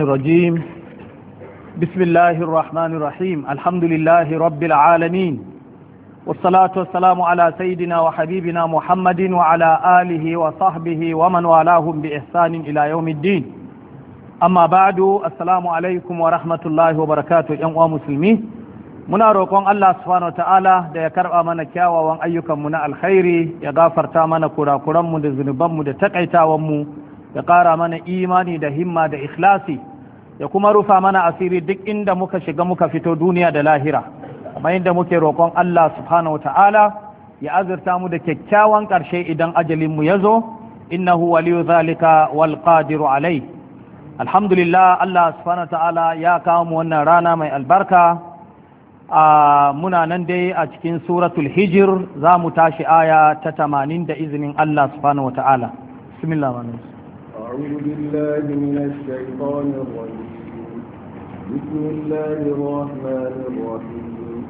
الرجيم بسم الله الرحمن الرحيم الحمد لله رب العالمين والصلاة والسلام على سيدنا وحبيبنا محمد وعلى آله وصحبه ومن والاهم بإحسان إلى يوم الدين أما بعد السلام عليكم ورحمة الله وبركاته يا مسلمين muna roƙon Allah subhanahu ta'ala da ya karɓa mana kyawawan ayyukanmu na alkhairi ya gafarta mana kurakuranmu da zunubanmu da takaitawanmu ya ƙara mana imani da himma da ikhlasi ya kuma rufa mana asiri duk inda muka shiga muka fito duniya da lahira kamar inda muke roƙon Allah subhanahu wa ta'ala ya azurta mu da kyakkyawan ƙarshe idan ajalin mu ya zo innahu waliyu zalika wal qadiru alai alhamdulillah Allah subhanahu wa ta'ala ya kawo mu wannan rana mai albarka a muna nan dai a cikin suratul hijir za mu tashi aya ta tamanin da izinin Allah subhanahu wa ta'ala bismillah أعوذ بالله من الشيطان الرجيم بسم الله الرحمن الرحيم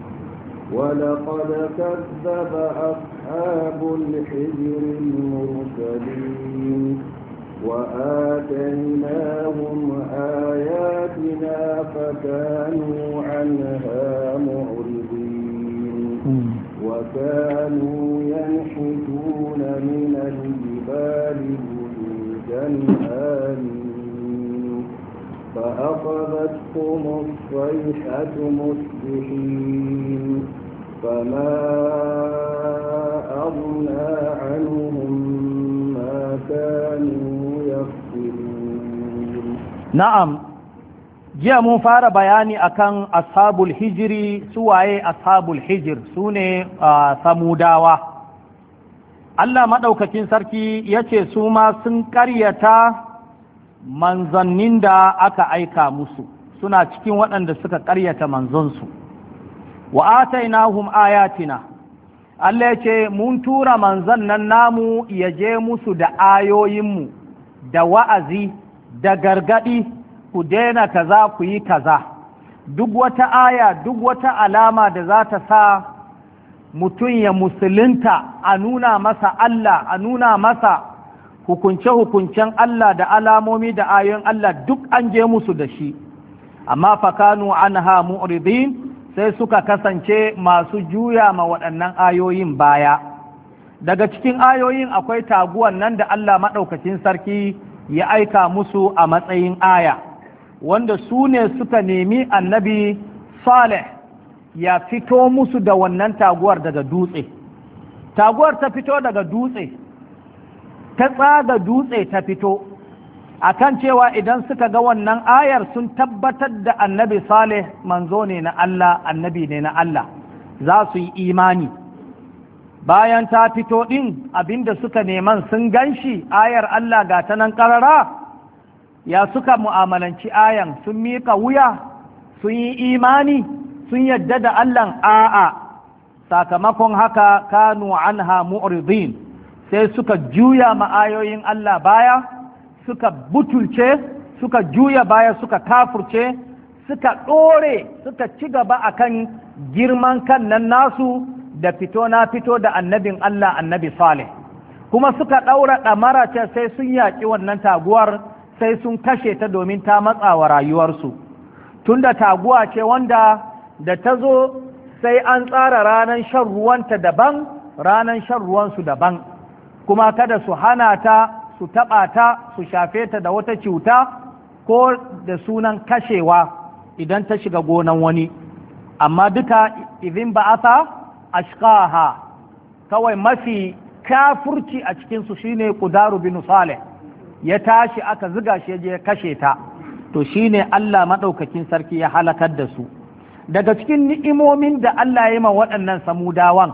ولقد كذب أصحاب الحجر المرسلين وآتيناهم آياتنا فكانوا عنها معرضين وكانوا ينحتون من الجبال آمنوا فأخذتهم الصيحة مصبحين فما أغنى عنهم ما كانوا يفتنون نعم jiya mun fara bayani akan ashabul hijiri suwaye ashabul hijir su ne samudawa Allah maɗaukakin sarki ya ce su ma sun ƙaryata manzannin da aka aika musu suna cikin waɗanda suka ƙaryata manzonsu wa atainahum ayatina Allah ya ce mun tura manzan nan namu ya je musu da ayoyinmu da wa'azi da gargaɗi ku daina kaza ku yi kaza duk wata aya duk wata alama da za ta sa mutum ya musulunta a nuna masa Allah a nuna masa hukunce-hukuncen Allah da alamomi da ayoyin Allah duk an je musu da shi amma fakanu anha mu'ridin sai suka kasance masu juya ma waɗannan ayoyin baya daga cikin ayoyin akwai taguwan nan da Allah maɗaukacin sarki ya aika musu a matsayin aya wanda su ne suka nemi annabi Saleh ya fito musu da wannan taguwar daga dutse taguwar ta fito daga dutse ta tsaga dutse ta fito A kan cewa idan suka ga wannan ayar sun tabbatar da annabi salih manzo ne na Allah annabi ne na Allah za su yi imani bayan ta fito ɗin abinda suka neman sun ganshi ayar Allah ga ta nan ƙarara ya suka mu'amalanci ayan sun miƙa wuya sun yi imani sun yadda da Allah a'a sakamakon haka kanu anha mu'ridin sai suka juya ma'ayoyin Allah baya suka butulce suka juya baya suka kafurce suka ɗore suka ci gaba a kan girman kan nan nasu da fito na fito da annabin Allah annabi Saleh kuma suka ɗaura ɗamara ce sai sun yaƙi wannan taguwar sai sun kashe ta domin ta matsa wa rayuwarsu tunda taguwa ce wanda da ta zo sai an tsara ranar shan ruwanta daban ranar shan ruwansu daban kuma kada su hana ta su taɓa ta su shafe ta da wata cuta ko da sunan kashewa idan ta shiga gonan wani amma duka izin ba'atha ashqaha kawai mafi kafurci a cikinsu shine kudaru bin salih ya tashi aka ziga shi ya kashe ta to shine Allah maɗaukakin sarki ya halakar da su daga cikin ni'imomin da Allah ya ma waɗannan samudawan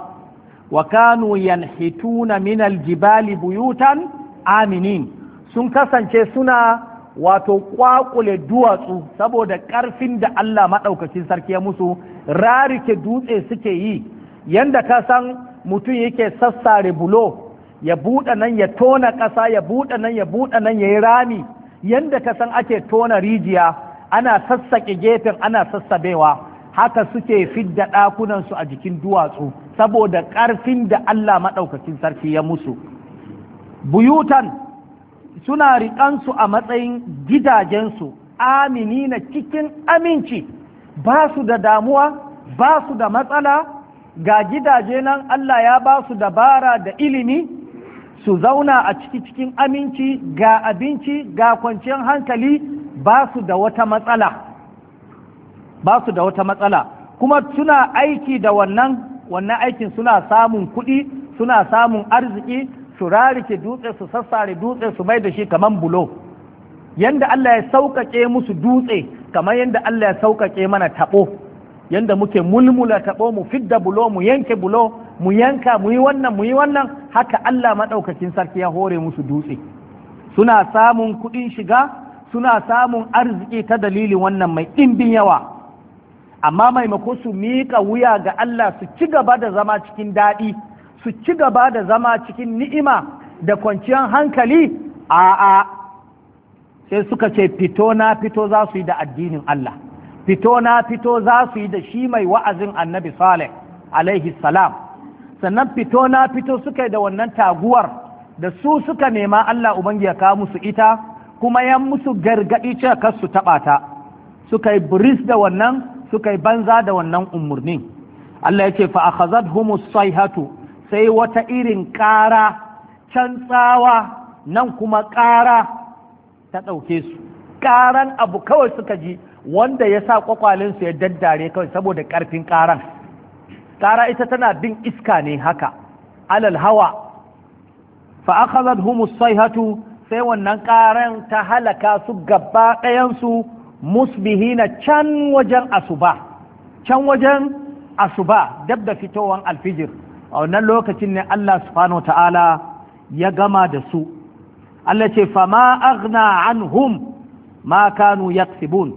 wa kanu yanhituna minal jibali buyutan aminin sun kasance suna wato kwakule duwatsu saboda ƙarfin da Allah maɗaukacin sarki ya musu rarike dutse suke yi yanda ka san mutum yake sassare bulo ya buɗe nan ya tona ƙasa ya buɗe nan ya buɗe nan ya yi rami yanda ka san ake tona rijiya ana sassaƙe gefen ana sassabewa haka suke fidda ɗakunansu a jikin duwatsu saboda ƙarfin da Allah maɗaukacin sarki ya musu buyutan suna riƙansu a matsayin gidajensu na cikin aminci ba su da damuwa ba su da matsala ga gidaje nan Allah ya ba su dabara da ilimi su zauna a ciki cikin aminci ga abinci ga kwanciyar hankali ba su da wata matsala ba su da wata matsala kuma suna aiki da wannan wannan aikin suna samun kuɗi suna samun arziki su rarike dutse su sassare dutse su mai da shi kamar bulo yanda Allah ya sauƙaƙe musu dutse kamar yanda Allah ya sauƙaƙe mana taɓo yanda muke mulmula tabo mu fidda bulo mu yanke bulo mu yanka mu yi wannan mu yi wannan haka Allah maɗaukacin sarki ya hore musu dutse suna samun kuɗin shiga suna samun arziki ta dalilin wannan mai ɗimbin yawa amma maimako su miƙa wuya ga Allah su ci gaba da zama cikin daɗi su ci gaba da zama cikin ni'ima da kwanciyar hankali a'a sai suka ce fito na fito za su yi da addinin Allah fito na fito za su yi da shi mai wa'azin annabi Saleh alaihi salam sannan fito na fito suka yi da wannan taguwar da su suka nema Allah ubangi ya kawo musu ita kuma ya musu gargaɗi cewa kar su taɓa ta suka yi buris da wannan suka yi banza da wannan umarnin Allah ya ce fa akhadhathumus humus sai wata irin ƙara can tsawa nan kuma ƙara ta ɗauke su ƙaran abu kawai suka ji wanda ya sa kwakwalinsu ya daddare kawai saboda ƙarfin ƙaran ƙara ita tana bin iska ne haka alal hawa fa akhadhathumus sayhatu sai wannan ƙaran ta halaka su gaba ɗayansu musbihina can wajen asuba can wajen asuba dab da fitowar alfijir a wannan lokacin ne Allah subhanahu wa ta'ala ya gama da su Allah ce fama aghna anhum ma kanu yaksibun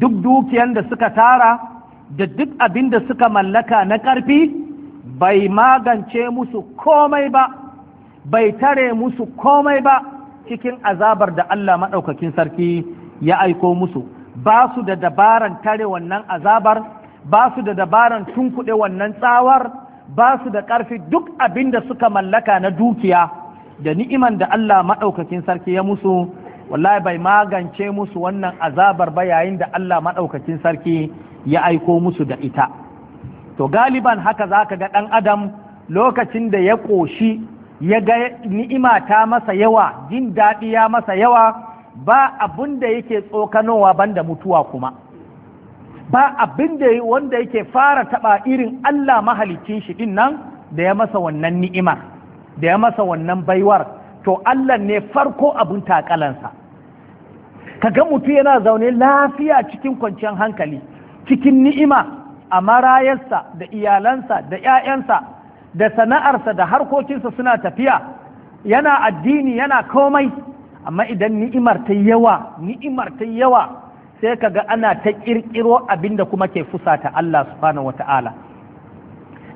duk dukiyan da suka tara da duk abin da suka mallaka na ƙarfi bai magance musu komai ba bai tare musu komai ba cikin azabar da Allah maɗaukakin sarki ya aiko musu ba su da dabaran tare wannan azabar ba su da dabaran tunkuɗe wannan tsawar ba su da ƙarfi duk abin da suka mallaka na dukiya da ni'iman da Allah maɗaukakin sarki ya musu wallahi bai magance musu wannan azabar ba yayin da Allah maɗaukakin sarki ya aiko musu da ita to galiban haka za ka ga ɗan adam lokacin da ya ƙoshi ya ga ni'ima ta masa yawa jin daɗi ya masa yawa ba abin da yake tsokanowa banda mutuwa kuma ba abin da wanda yake fara taɓa irin Allah mahalicin shi din nan da ya masa wannan ni'imar da ya masa wannan baiwar to Allah ne farko abin takalansa ga mutum yana zaune lafiya cikin kwanciyar hankali cikin ni'ima a marayarsa da iyalansa da 'ya'yansa da sana'arsa da harkokinsa suna tafiya yana addini yana komai amma idan ni'imar ta yawa ni'imar ta yawa sai ka ga ana ta ƙirƙiro abinda kuma ke fusata Allah subhanahu wata'ala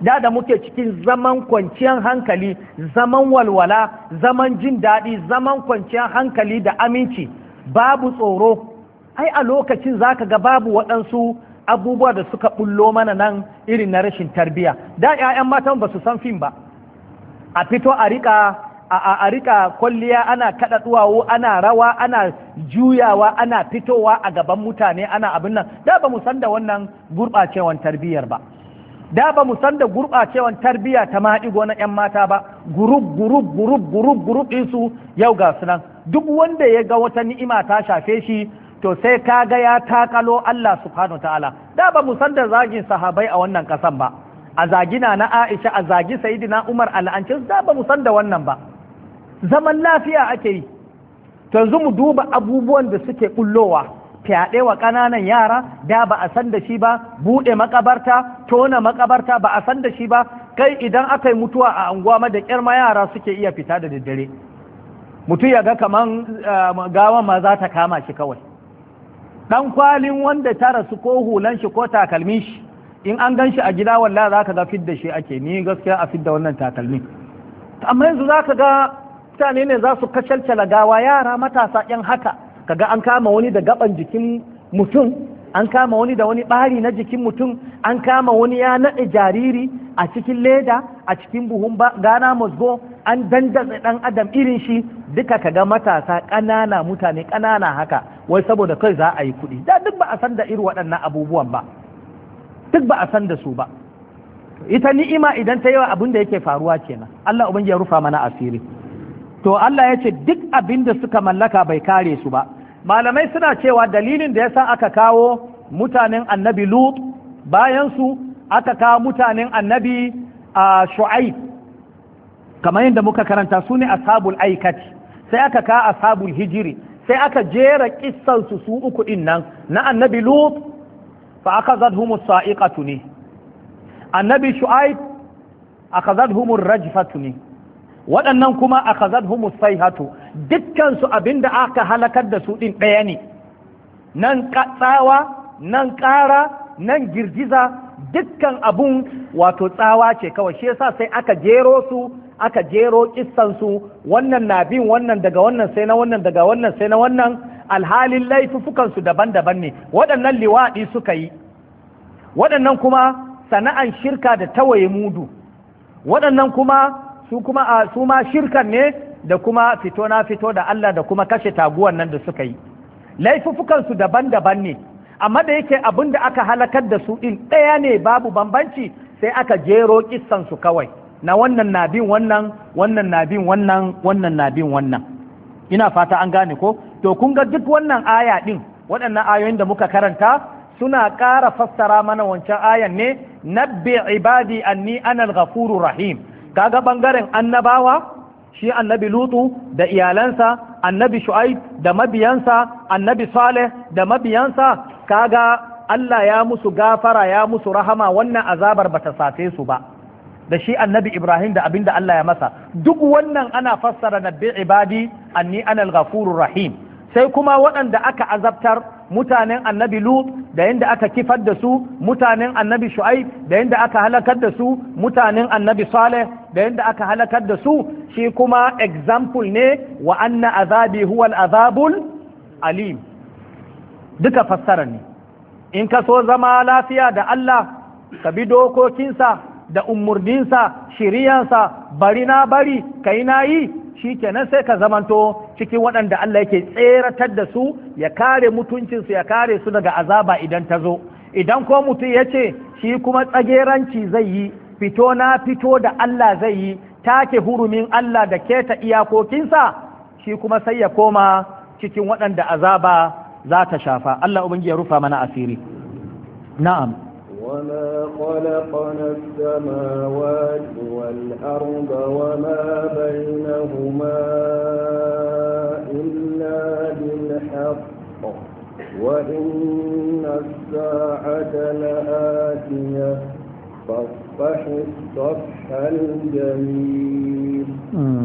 da da muke cikin zaman kwanciyar hankali zaman walwala zaman jin daɗi zaman kwanciyar hankali da aminci babu tsoro ai a lokacin za ka ga babu waɗansu abubuwa da suka bullo mana nan irin na rashin tarbiya da 'ya'yan matan ba su san fim ba a fito a riƙa a rika kwalliya ana kada duwawo ana rawa ana juyawa ana fitowa a gaban mutane ana abin nan da ba mu san da wannan gurɓacewan tarbiyyar ba da ba mu san da gurɓacewan tarbiyya ta maɗigo na 'yan mata ba gurub gurub gurub gurub gurub ɗinsu yau ga su nan duk wanda ya ga wata ni'ima ta shafe shi to sai ka ga ya takalo Allah subhanahu ta'ala da ba mu san da zagin sahabai a wannan kasan ba a zagina na Aisha a zagi Sayyidina Umar al'ancin da ba mu san da wannan ba zaman lafiya ake yi yanzu mu duba abubuwan da suke kullowa fyaɗe wa ƙananan yara da ba a san da shi ba buɗe makabarta tona makabarta ba a san da shi ba kai idan aka yi mutuwa a anguwa ma da ƙirma yara suke iya fita da daddare mutum ya ga kaman eh, gawan ma za ta kama shi kawai ɗan kwalin wanda ta rasu ko hulan shi ko takalmin shi in an gan shi a gida walla za ka ga fidda shi ake ni gaskiya a fidda wannan takalmin amma yanzu za ka ga mutane ne za su kacalcala gawa yara matasa yan haka kaga an kama wani da gaban jikin mutum an kama wani da wani ɓari na jikin mutum an kama wani ya naɗe jariri a cikin leda a cikin buhun gana musgo an dandatsa ɗan adam irin shi duka kaga matasa ƙanana mutane ƙanana haka wai saboda kai za a yi kuɗi da duk ba a san da irin waɗannan abubuwan ba duk ba a san da su ba ita ni'ima idan ta yawa abin da yake faruwa kenan Allah ubangiji ya rufa mana asiri to Allah ya ce duk abin da suka mallaka bai kare su ba malamai suna cewa dalilin da yasa aka kawo mutanen annabi lut bayan su aka kawo mutanen annabi a shu'aib kamar yadda muka karanta su ne ashabul aikati sai aka kawo ashabul hijiri sai aka jera kissansu su uku din nan na annabi lut fa aka zadhumu sa'iqatu ne annabi shu'aib aka zadhumu rajfatu ne waɗannan kuma a kazar humusai saihatu dukkansu abin da aka halakar da su ɗin ɗaya ne nan tsawa nan ƙara nan girgiza dukkan abun wato tsawa ce kawai shi sa sai aka jero su aka jero kissansu wannan na bin wannan daga wannan sai na wannan daga wannan sai na wannan alhalin laifufukansu daban-daban ne waɗannan liwaɗi suka yi waɗannan kuma sana'an shirka da tawaye mudu waɗannan kuma su kuma a su ma shirkan ne da kuma fito na fito da Allah da kuma kashe taguwan nan da suka yi laifufukansu daban-daban ne amma da yake abin da aka halakar da su ɗin ɗaya ne babu bambanci sai aka jero kissansu kawai na wannan na bin wannan wannan na bin wannan wannan na bin wannan ina fata an gane ko to kun ga duk wannan aya ɗin waɗannan ayoyin da muka karanta suna ƙara fassara mana wancan ayan ne nabbi ibadi anni anal ghafurur rahim kaga bangaren annabawa shi annabi lutu da iyalansa annabi shu'aib da mabiyansa annabi saleh da mabiyansa kaga Allah ya musu gafara ya musu rahama wannan azabar bata sace su ba da shi annabi ibrahim da abinda Allah ya masa duk wannan ana fassara nabbi ibadi anni anal ghafurur rahim sai kuma waɗanda aka azabtar mutanen annabi lut da yadda aka kifar da su mutanen annabi shu'aib da yadda aka halakar da su mutanen annabi saleh da yadda aka halakar da su shi kuma example ne wa anna azabi huwal azabul alim duka fassara ne in ka so zama lafiya da Allah ka bi dokokinsa da umurninsa shiriyansa bari na bari kai na yi shi kenan sai ka zamanto cikin waɗanda Allah yake tseratar da su ya kare mutuncinsu ya kare su daga azaba idan ta zo idan ko mutum ya ce shi kuma tsageranci zai yi fito na fito da Allah zai yi take hurumin Allah da keta iyakokinsa shi kuma sai ya koma cikin waɗanda azaba za ta shafa Allah ubangiji ya rufa mana asiri na'am وما خلقنا السماوات والأرض وما بينهما إلا بالحق وإن الساعة لآتية فاصفح الصفح الجميل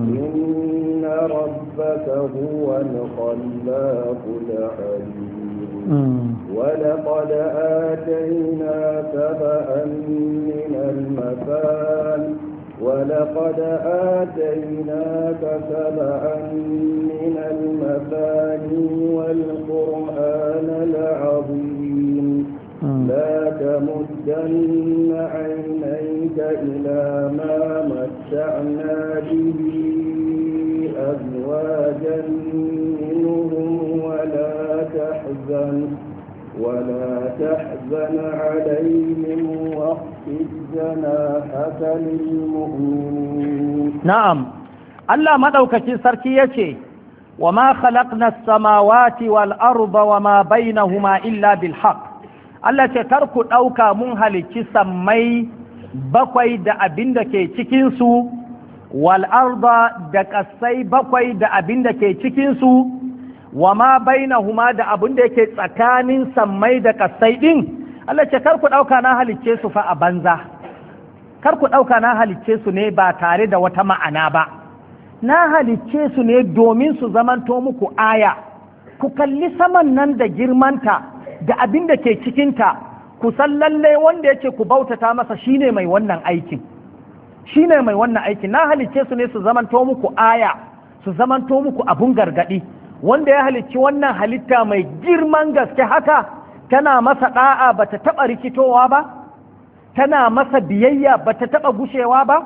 إن ربك هو الخلاق العليم ولقد آتينا سبأ من المثال ولقد آتيناك سبأ من المثاني والقرآن العظيم لا تمدن عينيك إلى ما متعنا به ولا تحزن عليهم واخفض جناحك للمؤمنين نعم الله مدوكشي سركي يشي وما خلقنا السماوات والأرض وما بينهما إلا بالحق Allah ce kar ku ɗauka mun halicci sammai bakwai da abin da ke cikinsu wal'arda da ƙasai bakwai da abin da ke cikinsu wa ma huma da abin da yake tsakanin sammai da kasai din Allah ce kar ku dauka na halicce su fa a banza kar ku dauka na halicce su ne ba tare da wata ma'ana ba na halicce su ne domin su zamanto muku aya ku kalli saman nan da girmanta da abin da ke cikinta ku san lallai wanda yake ku bautata masa shine mai wannan aikin shine mai wannan aikin na halicce su ne su zamanto muku aya su zamanto muku abun gargadi wanda ya halicci wannan halitta mai girman gaske haka tana masa ɗa'a ba ta taɓa rikitowa ba tana masa biyayya ba ta taɓa gushewa ba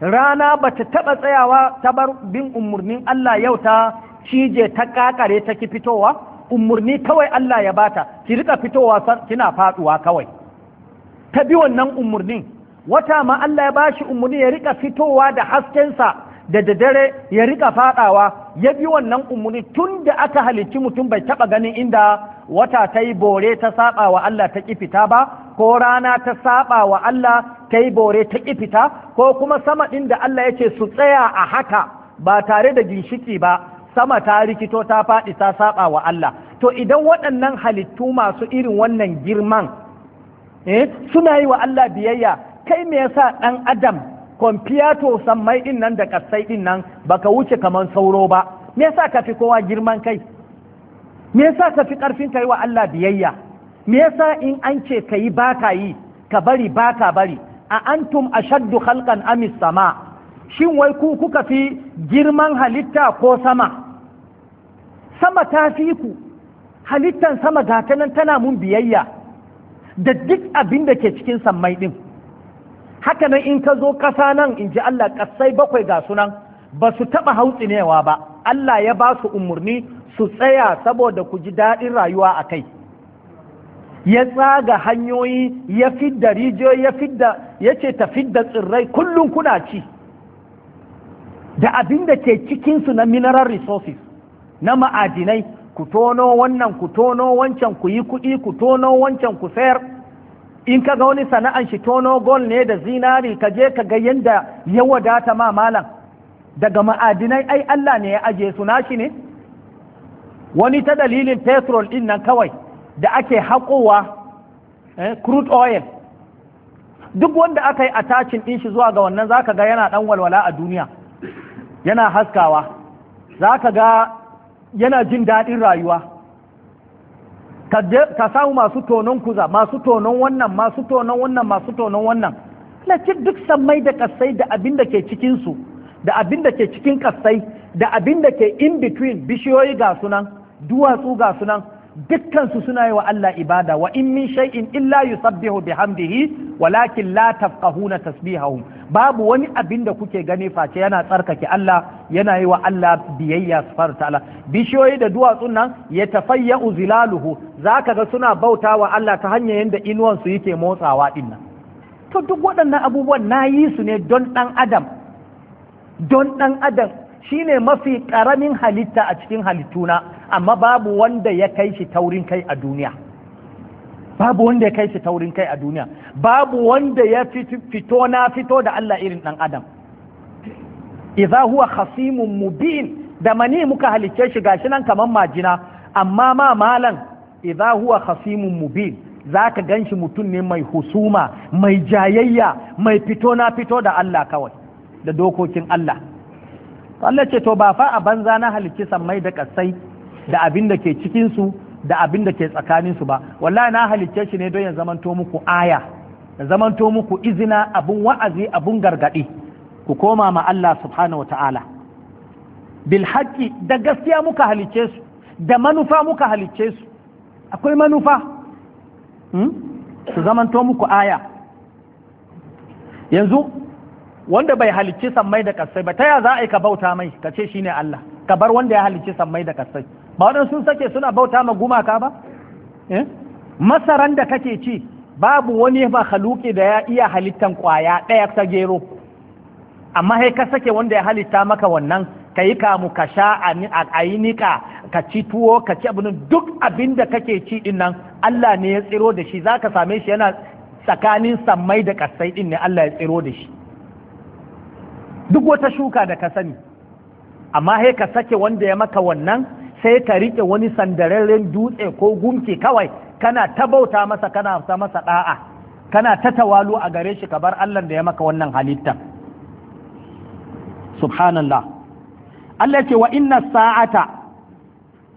rana ba ta taɓa tsayawa ta bar bin umarnin Allah yau ta cije ta kakare ta ki fitowa umarni kawai Allah ya bata ki rika fitowa kina faduwa kawai ta bi wannan umarnin wata ma Allah ya bashi umarni ya rika fitowa da haskensa da daddare ya rika fadawa ya bi wannan umarni tun da aka halicci mutum bai taɓa ganin inda wata ta yi bore ta saba wa Allah ta kifita ba ko rana ta saba wa Allah ta yi bore ta fita? ko kuma sama ɗin da Allah ya ce su tsaya a haka ba tare da ginshiki ba sama ta rikito ta faɗi ta saba wa Allah to idan waɗannan halittu masu irin wannan girman eh suna yi wa Allah biyayya kai me yasa ɗan adam kwamfiya sammai din nan da kasai din nan baka wuce kamar sauro ba me yasa ka fi kowa girman kai me yasa ka fi karfin kai wa Allah biyayya me yasa in an ce ka yi baka yi ka bari baka bari a antum ashaddu khalqan amis sama shin wai ku kuka fi girman halitta ko sama sama ta fi ku halittan sama gata nan tana mun biyayya da duk abin da ke cikin sammai din haka nan in ka zo ƙasa nan in ji Allah ƙasai bakwai ga sunan ba su taɓa hautsinewa ba Allah ya ba su umarni su tsaya saboda ku ji daɗin rayuwa a kai ya tsaga hanyoyi ya fidda rijiyoyi ya fidda ya ce ta fidda tsirrai kullum kuna ci da abin da ke cikinsu na mineral resources na ma'adinai ku tono wannan ku tono wancan ku yi kuɗi ku tono wancan ku sayar in ka ga wani sana'an shi tono gol ne da zinari ka je ka ga yadda ya wadata ma malam daga ma'adinai ai Allah ne ya aje su nashi ne wani ta dalilin petrol din nan kawai da ake haƙowa eh, crude oil duk wanda aka yi attachin din shi zuwa ga wannan zaka ga yana dan walwala a duniya yana haskawa zaka ga yana jin daɗin rayuwa ka samu masu tonon kuza masu tonon wannan masu tonon wannan masu tonon wannan laki duk sammai da kasai da abin da ke cikinsu da abin da ke cikin kasai da abin da ke in between bishiyoyi ga sunan duwatsu ga sunan dukkansu suna yi wa Allah ibada wa in min shay'in illa yusabbihu bihamdihi walakin la tafqahuna tasbihahum babu wani abin da kuke gani face yana tsarkake Allah yana yi wa Allah biyayya subhanahu ta'ala bishiyoyi da duwatsun nan ya tafayya uzilaluhu zaka ga suna bauta wa Allah ta hanyar yadda inuwan su yake motsawa din nan to duk waɗannan abubuwan nayi su ne don ɗan adam don ɗan adam shine mafi ƙaramin halitta a cikin halittuna amma babu wanda ya kai shi taurin kai a duniya babu wanda ya kai shi taurin kai a duniya babu wanda ya fito na fito da Allah irin ɗan adam idza huwa khasimun mubin da mani muka halicce shi gashi nan kamar majina amma ma malan idza huwa khasimun mubin zaka ganshi mutum ne mai husuma mai jayayya mai fito na fito da Allah kawai da dokokin Allah Allah ce to ba fa a banza na halicci sammai da kasai da abin da ke cikin su da abin da ke tsakanin su ba wallahi na halicce shi ne don ya zamanto muku aya ya zamanto muku izina abun wa'azi abun gargadi ku koma ma Allah subhanahu wataala bil haqqi da gaskiya muka halicce su da manufa muka halicce su akwai manufa hmm? su zamanto muku aya yanzu wanda bai halicci sammai da kasai ba ta ya za a yi ka bauta mai ka ce shine Allah ka bar wanda ya halicci sammai da kasai ba waɗansu sun sake suna bauta ma gumaka ba eh? masaran da kake ci babu wani haluke da ya iya halittan kwaya ɗaya ta gero amma sai ka sake wanda ya halitta maka wannan ka yi kamu ka sha a yi niƙa ka ci tuwo ka ci abin duk abin da kake ci din nan Allah ne ya tsiro da shi za ka same shi yana tsakanin sammai da kasai din ne Allah ya tsiro da shi duk wata shuka da ka sani amma sai ka sake wanda ya maka wannan sai ka riƙe wani sandararren dutse ko gumke kawai kana ta bauta masa kana ta masa da'a kana ta tawalu a gare shi ka bar Allah da ya maka wannan halitta subhanallah Allah ce wa inna sa'ata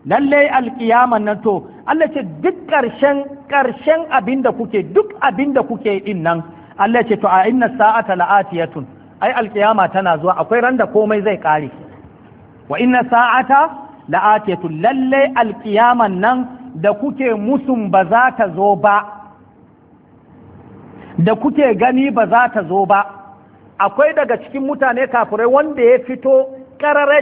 lallai alkiyama nan to Allah ce duk ƙarshen ƙarshen abin da kuke duk abin da kuke din nan Allah ce to a inna sa'ata la'atiyatun ai alkiyama tana zuwa akwai randa komai zai kare wa inna sa'ata la'atiyatu lalle alkiyaman nan da kuke musun ba za ta zo ba da kuke gani ba za ta zo ba akwai daga cikin mutane kafirai wanda ya fito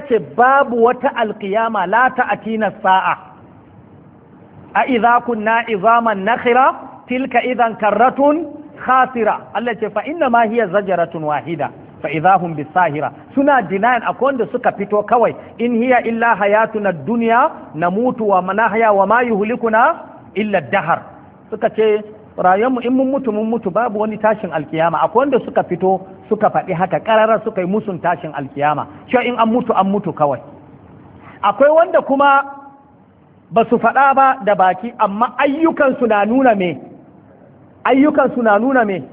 ce babu wata alkiyama la ta'atina sa'a a idza kunna izaman nakhira tilka idan karratun khasira Allah ce fa inna ma hiya zajaratun wahida fa idahum bisahira suna dinayan akwai wanda suka fito kawai in hiya illa hayatuna dunya namutu wa manahya wa ma yuhlikuna illa dahar suka ce rayuwarmu in mun mutu mun mutu babu wani tashin alkiyama akwai wanda suka fito suka faɗi haka ƙararar suka yi musun tashin alkiyama cewa in an mutu an mutu kawai akwai wanda kuma ba su faɗa ba da baki amma ayyukansu na nuna me ayyukan suna nuna me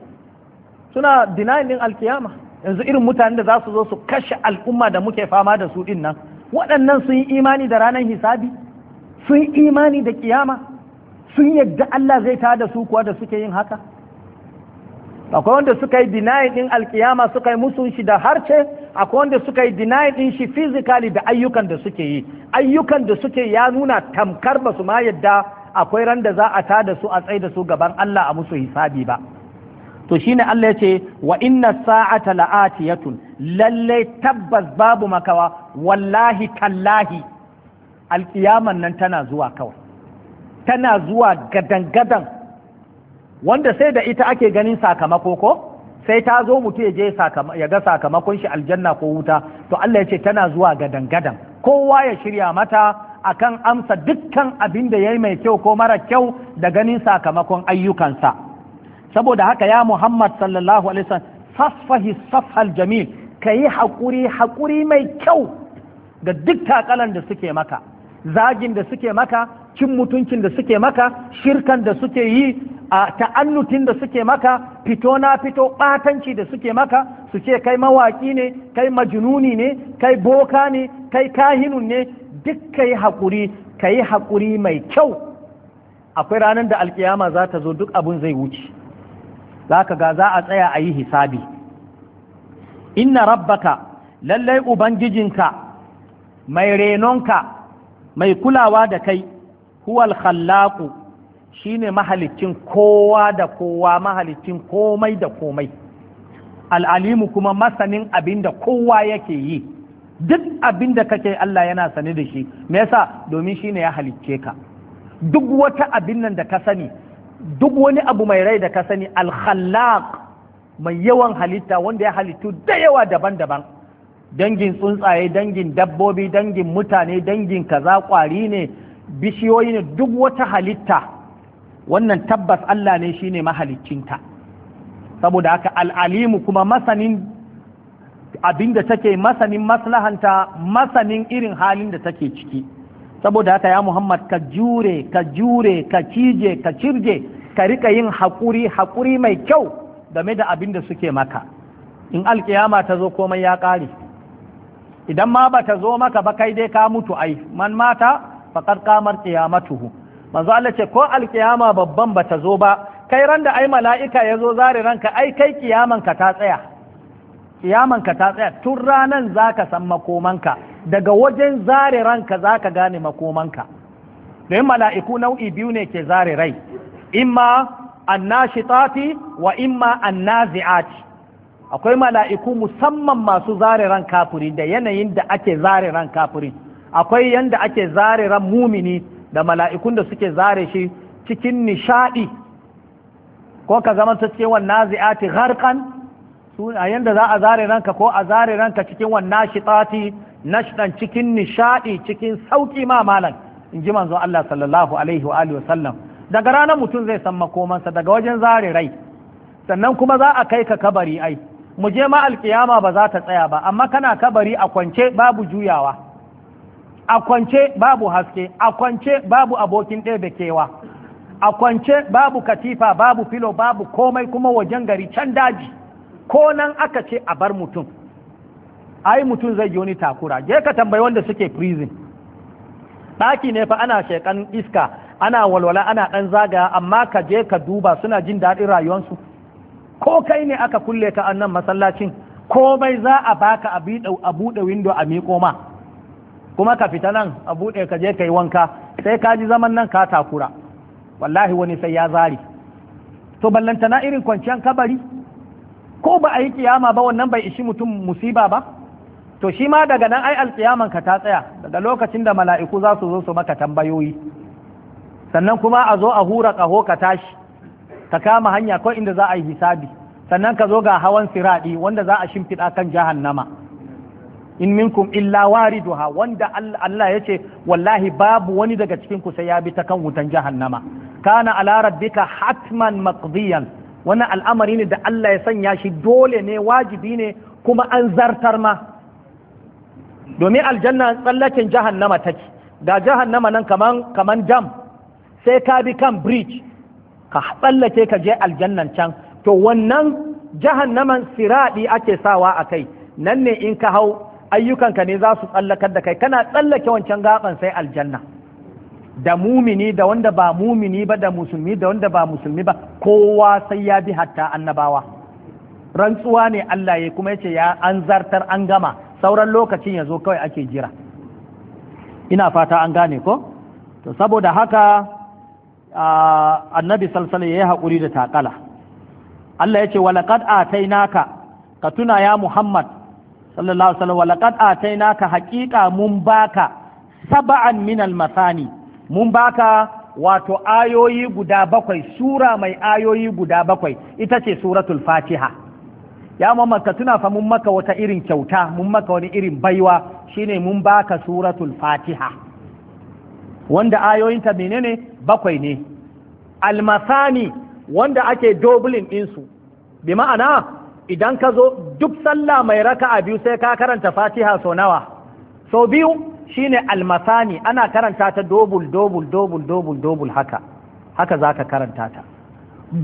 suna dinayin alkiyama yanzu irin mutane da za su zo su kashe al'umma da muke fama da su din nan waɗannan sun yi imani da ranar hisabi sun yi imani da kiyama sun yadda Allah zai ta da su kuwa da suke yin haka akwai wanda suka yi dinayin din alkiyama suka yi musu shi da harce akwai wanda suka yi dinayin din shi fizikali da ayyukan da suke yi ayyukan da suke ya nuna tamkar ba su ma yadda akwai ran da za a ta da su a tsaida su gaban Allah a musu hisabi ba to shine Allah ya ce wa inna sa'ata la'atiyatun lalle tabbas babu makawa wallahi tallahi alkiyaman nan tana zuwa kawai tana zuwa gadan wanda sai da ita ake ganin sakamako ko sai ta zo mutu ya je ya ga sakamakon shi aljanna ko wuta to Allah ya ce tana zuwa gadan-gadan kowa ya shirya mata akan amsa dukkan abin da ya yi mai kyau ko mara kyau da ganin sakamakon ayyukansa saboda haka ya muhammad sallallahu alaihi wasallam fasfahi safhal jamil ka yi haƙuri haƙuri mai kyau ga duk takalan da suke maka zagin da suke maka cin mutuncin da suke maka shirkan da suke yi a ta'annutin da suke maka fito na fito ɓatanci da suke maka su ce kai mawaƙi ne kai majununi ne kai boka ne kai kahinun ne duk ka yi haƙuri ka yi haƙuri mai kyau akwai ranar da alkiyama za ta zo duk abin zai wuce za ka ga za a tsaya a yi hisabi inna rabbaka lallai ubangijinka mai renonka mai kulawa da kai huwal khallaku ne mahalicin kowa da kowa mahalicin komai da komai al'alimu kuma masanin abin da kowa yake yi duk abin da kake Allah yana sane da shi me yasa domin shi ne ya halicce ka duk wata abin nan da ka sani duk wani abu mai rai da ka sani al-khallaq mai yawan halitta wanda ya halittu da yawa daban-daban dangin tsuntsaye dangin dabbobi dangin mutane dangin kaza kwari ne bishiyoyi ne duk wata halitta wannan tabbas Allah ne shine mahaliccinta saboda haka al al'alimu kuma masanin abin da take masanin maslahanta masanin irin halin da take ciki saboda haka ya muhammad ka jure ka jure ka cije ka cirje ka rika yin haƙuri haƙuri mai kyau game da abin da suke maka in alkiyama ta zo komai ya ƙare idan ma ba ta zo maka ba kai dai ka mutu ai man mata faƙar kamar ƙiyamatuhu manzo Allah ce ko alkiyama babban ba ta zo ba kai ran da ai mala'ika ya zo zare ranka ai kai kiyaman ka ta tsaya ka ta tsaya tun ranan za ka san makomanka daga wajen zare ranka za ka gane makomanka don mala'iku nau'i biyu ne ke zare rai imma annashitati wa imma annazi'ati akwai mala'iku musamman masu zare ran kafuri da yanayin da ake zare ran kafuri akwai yanda ake zare ran mumini da mala'ikun da suke zare shi cikin nishaɗi ko ka zama ta cewa nazi'ati kan. a yanda za a zare ranka ko a zare ranka cikin wannan shitati nashdan cikin nishadi cikin sauki ma malam in ji manzo Allah sallallahu alaihi wa alihi wasallam daga ranar mutum zai san makomansa daga wajen zare rai sannan kuma za a kai ka kabari ai mu je ma alkiyama ba za ta tsaya ba amma kana kabari a kwance babu juyawa a kwance babu haske a kwance babu abokin ɗebe kewa a kwance babu katifa babu filo babu komai kuma wajen gari can daji ko nan aka ce a bar mutum ai mutum zai yi wani takura je ka tambayi wanda suke prison ɗaki ne fa ana shekan iska ana walwala ana ɗan zagaya amma ka je ka duba suna jin daɗin rayuwarsu ko kai ne aka kulle ka annan masallacin Ko komai za a baka a buɗe windo a miƙo ma kuma ka fita nan a buɗe ka je ka yi wanka sai ka ji zaman nan ka takura wallahi wani sai ya zari to ballantana irin kwanciyar kabari ko ba a yi kiyama ba wannan bai ishi mutum musiba ba to shi ma daga nan ai alkiyaman ka ta tsaya daga lokacin da mala'iku za su zo su maka tambayoyi sannan kuma a zo a hura ƙaho ka tashi ka kama hanya ko inda za a yi hisabi sannan ka zo ga hawan siradi wanda za a shimfiɗa kan jahannama in minkum illa wariduha wanda Allah ya ce wallahi babu wani daga cikin ku sai ya bi ta kan wutan jahannama kana ala rabbika hatman maqdiyan wannan al'amari ne da Allah ya sanya shi dole ne wajibi ne kuma an zartar ma domin aljanna tsallaken jahannama take ga jahannama nan kaman kaman dam sai ka bi kan bridge ka tsallake ka je aljannan can to wannan jahannaman siradi ake sawa a kai nan ne in ka hau ayyukanka ne za su tsallakar da kai kana tsallake wancan gaban sai aljanna da mumini da wanda ba mumini ba da musulmi da wanda ba musulmi ba kowa sai ya bi hatta annabawa rantsuwa ne Allah ya kuma yace ya an zartar an gama sauran lokacin ya zo kawai ake jira ina fata an gane ko to saboda haka annabi salsala ya yi haƙuri da takala. Allah ya ce walaƙad atainaka ka tuna ya Muhammad sallallahu alaihi wasallam walaƙad atainaka haƙiƙa mun baka saba'an minal masani mun baka wato ayoyi guda bakwai sura mai ayoyi guda bakwai ita ce suratul fatiha ya mamman ka tuna fa mun maka wata irin kyauta mun maka wani irin baiwa shine mun baka suratul fatiha wanda ayoyinta menene bakwai ne almasani wanda ake doblin ɗinsu bi ma'ana idan ka zo duk sallah mai raka a biyu sai ka karanta fatiha sau nawa sau biyu shine almasani ana karanta ta dobul dobul dobul dobul dobul haka haka zaka karanta ta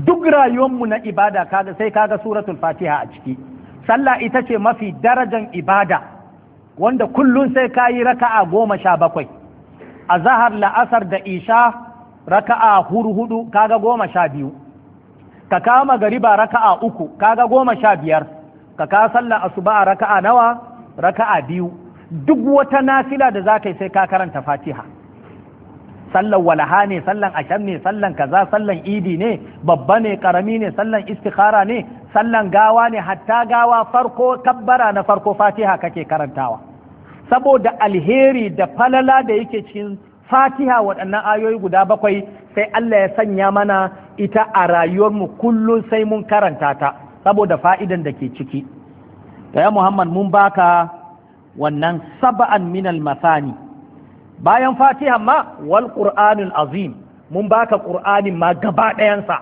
duk rayuwarmu na ibada kaga sai kaga suratul fatiha a ciki sallah ita ce mafi darajan ibada wanda kullum sai kayi raka'a goma sha bakwai a zahar la'asar da isha raka'a huru hudu kaga goma sha biyu ka kama gariba raka'a uku kaga goma sha biyar ka ka sallah asuba raka'a nawa raka'a biyu duk wata nafila da za ka yi sai ka karanta fatiha sallan walaha ne sallan asham ne sallan kaza sallan idi ne babba ne karami ne sallan istikhara ne sallan gawa ne hatta gawa farko kabbara na farko fatiha kake karantawa saboda alheri da falala da yake cikin fatiha waɗannan ayoyi guda bakwai sai Allah ya sanya mana ita a rayuwarmu kullum sai mun karanta ta saboda fa'idan da ke ciki ya Muhammad mun baka wannan saba'an minal masani bayan fatiha ma wal qur'anul azim mun baka qur'anin ma gaba ɗayansa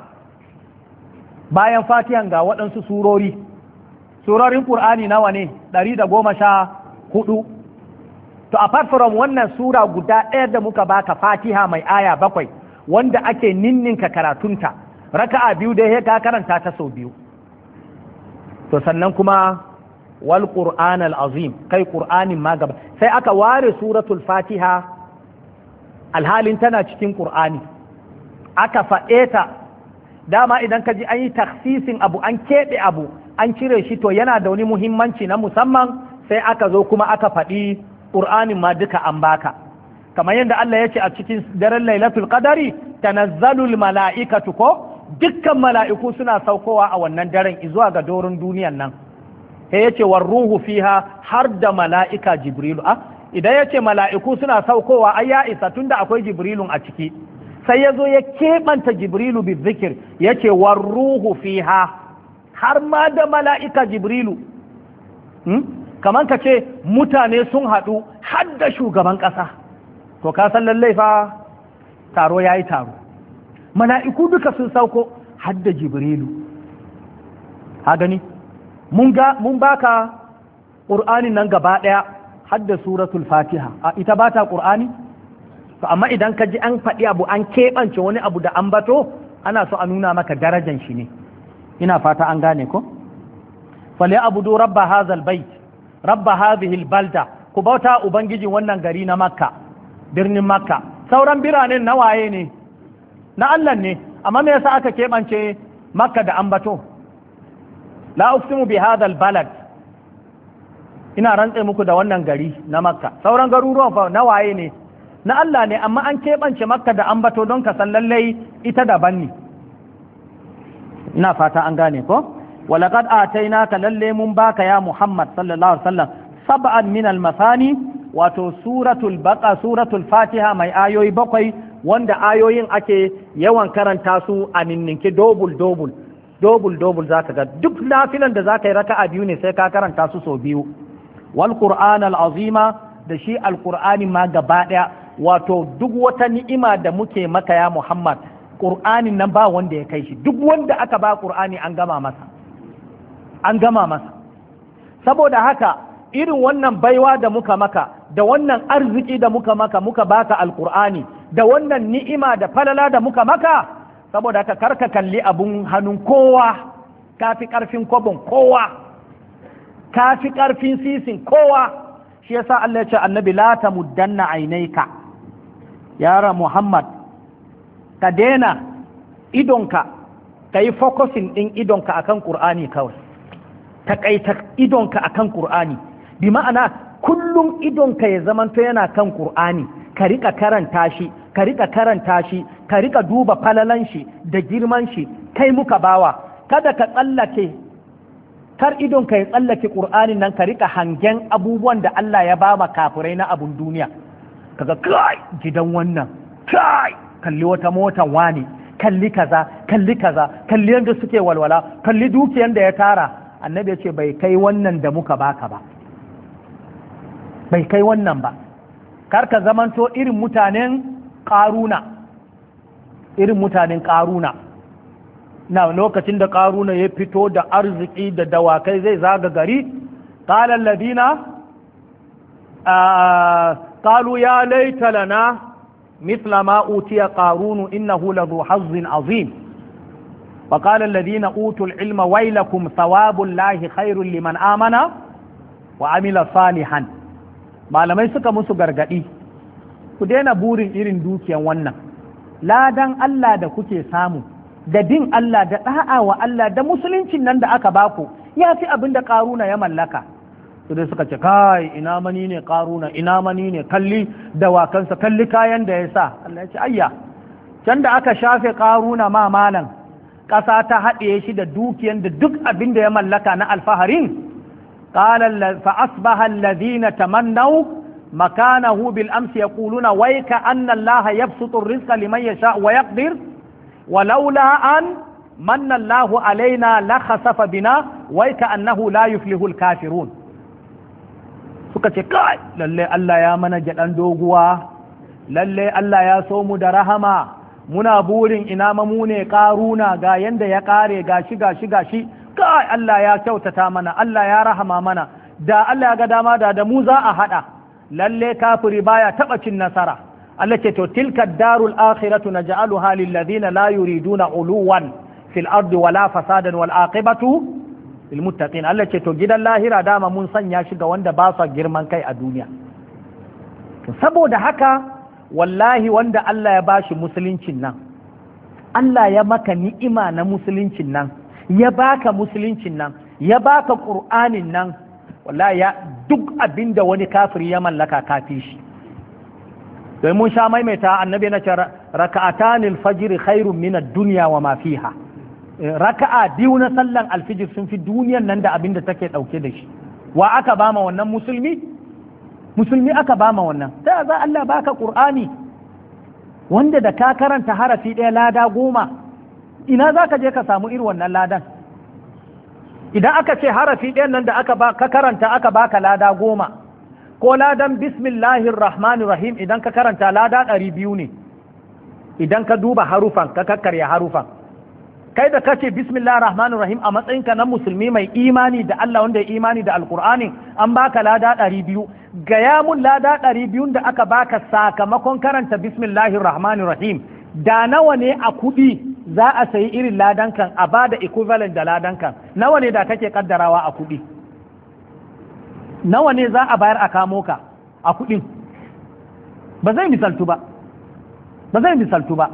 bayan fatihan ga waɗansu surori surorin qur'ani nawa ne ɗari da goma sha hudu to apart from wannan sura guda ɗaya da muka baka fatiha mai aya bakwai wanda ake ninninka karatunta raka'a biyu dai ka karanta ta sau biyu to sannan kuma wal azim kai qur'anin ma gaba sai aka ware suratul fatiha alhalin tana cikin qur'ani aka faɗe dama idan ka ji an yi taksisin abu an keɓe abu an cire shi to yana da wani muhimmanci na musamman sai aka zo kuma aka faɗi ƙur'anin ma duka an baka kamar yadda Allah ya ce a cikin daren lailatul qadari tanazzalul mala'ikatu ko dukkan mala'iku suna saukowa a wannan daren zuwa ga doron duniyan nan sai ya ce ruhu fiha har da mala'ika jibrilu a ah, idan ya ce mala'iku suna saukowa ai ya isa tunda akwai jibrilun a ciki sai ya zo ya keɓanta jibrilu bi zikir ya ce ruhu fiha har ma da mala'ika jibrilu hmm? kamar ka ce mutane sun haɗu har da shugaban ƙasa to ka san lallai fa taro ya yi taro mala'iku duka sun sauko har da jibrilu ha gani mun baka ƙur'ani nan gaba ɗaya hadda suratul fatiha a ita ba ta ƙur'ani to amma idan ka ji an faɗi abu an keɓance wani abu da an bato ana so a nuna maka darajan shi ne ina fata an gane ko fali abudu rabba hazal bait rabba hadhihi balda ku bauta ubangijin wannan gari na makka birnin makka sauran biranen na waye ne na Allah ne amma me yasa aka keɓance makka da an bato? la bihazal bi hadha ina rantse muku da wannan gari na makka sauran garuruwan fa na waye ne na Allah ne amma an keɓance makka da ambato don ka san lallai ita daban ne ina fata an gane ko walaqad atainaka lalle mun baka ya Muhammad sallallahu alaihi wasallam sab'an min al-masani wato suratul baqa suratul fatiha mai ayoyi bakwai wanda ayoyin ake yawan karanta su a ninninke dobul dobul dobul dobul zaka ga duk nafilan da zaka yi raka'a biyu ne sai ka karanta su sau biyu wal qur'an al azima da shi al qur'ani ma gaba daya wato duk wata ni'ima da muke maka ya muhammad qur'anin nan ba wanda ya kai shi duk wanda aka ba qur'ani an gama masa an gama masa saboda haka irin wannan baiwa da muka maka da wannan arziki da muka maka muka baka alqur'ani da wannan ni'ima da falala da muka maka saboda ka karka kalli abun hannun kowa ka fi ƙarfin kwabon kowa ka fi ƙarfin sisin kowa shi yasa Allah ya ce annabi la ta muddanna ainaika yara Muhammad ka daina idonka ka yi focusing ɗin idonka akan Qur'ani kawai Ta kaita idonka akan Qur'ani bi ma'ana kullum idonka ya zamanto yana kan Qur'ani ka rika karanta shi ka riƙa karanta shi ka rika duba falalan shi da girman shi kai muka bawa kada ka tsallake kar idon ka ya tsallake ƙur'anin nan ka rika hangen abubuwan da Allah ya ba ma kafirai na abun duniya kaga kai gidan wannan kai kalli wata mota wani kalli kaza kalli kaza kalli yadda suke walwala kalli dukiyan da ya tara annabi ya ce bai kai wannan da muka baka ba bai kai wannan ba kar ka zamanto irin mutanen ƙaruna irin mutanen ƙaruna na lokacin da ƙaruna ya fito da arziki da dawakai zai zaga gari ƙalar labina ƙalu ya laita lana mithla ma utiya ƙarunu na lazu hazzin azim فقال الذين أوتوا العلم ويلكم ثواب الله خير لمن آمن وعمل صالحا malamai suka musu gargadi ku daina burin irin dukiyan wannan ladan Allah da kuke samu da bin Allah da ɗa'a wa Allah da musuluncin nan da aka baku ya fi abin da ƙaruna ya mallaka su dai suka ce kai ina mani ne ƙaruna ina mani ne kalli dawakansa kalli kayan da ya sa Allah ya ce ayya can da aka shafe ƙaruna ma malam ƙasa ta haɗe shi da dukiyan da duk abin da ya mallaka na alfaharin qala fa asbaha alladhina tamannaw makanahu bil amsi yaquluna wayka anna allaha yabsutu ar-rizqa liman yasha wa yaqdir walaula an manna allahu alaina la khasafa bina wayka annahu la yuflihu al-kafirun suka ce kai lalle Allah ya mana gyaɗan doguwa lallai Allah ya so mu da rahama muna burin ina mamu ne ƙaruna ga yanda ya ƙare gashi gashi gashi kai Allah ya kyautata mana Allah ya rahama mana da Allah ya ga dama da da mu za a haɗa lalle kafiri baya taɓa cin nasara Allah ce to tilka darul akhiratu naj'aluha lil ladina la yuriduna uluwan fil ardi wala fasadan wal aqibatu lil muttaqin Allah ce to gidan lahira dama mun sanya shi ga wanda ba sa girman kai a duniya saboda haka wallahi wanda Allah ya bashi musuluncin nan Allah ya maka ni'ima na musuluncin nan ya baka musuluncin nan ya baka qur'anin nan wallahi ya duk abin da wani kafiri ya mallaka kafi shi don mun sha maimaita annabi na ce raka'atanil fajr khairun min ad-dunya wa ma fiha eh, raka'a biyu na sallan alfijir sun fi duniyan nan da abin da take dauke da shi wa aka bama wannan musulmi musulmi aka bama wannan ta za Allah baka qur'ani wanda da ka karanta harafi ɗaya lada goma ina za ka je ka samu irin wannan ladan idan aka ce harafi ɗayan nan da aka ba ka karanta aka baka lada goma ko ladan bismillahir rahmanir rahim idan ka karanta lada ɗari biyu ne idan ka duba harufan ka kakkarya harufan kai da kace bismillahir rahmanir rahim a matsayinka na musulmi mai imani da Allah wanda ya imani da alqur'ani an baka lada ɗari biyu gaya mun lada ɗari biyun da aka baka sakamakon karanta bismillahir rahmanir rahim da nawa ne a kuɗi za a sayi irin ladankan a ba da equivalent da ladankan nawa ne da kake kaddarawa a kuɗi nawa ne za a bayar a kamo ka a kuɗin ba zai misaltu ba ba zai misaltu ba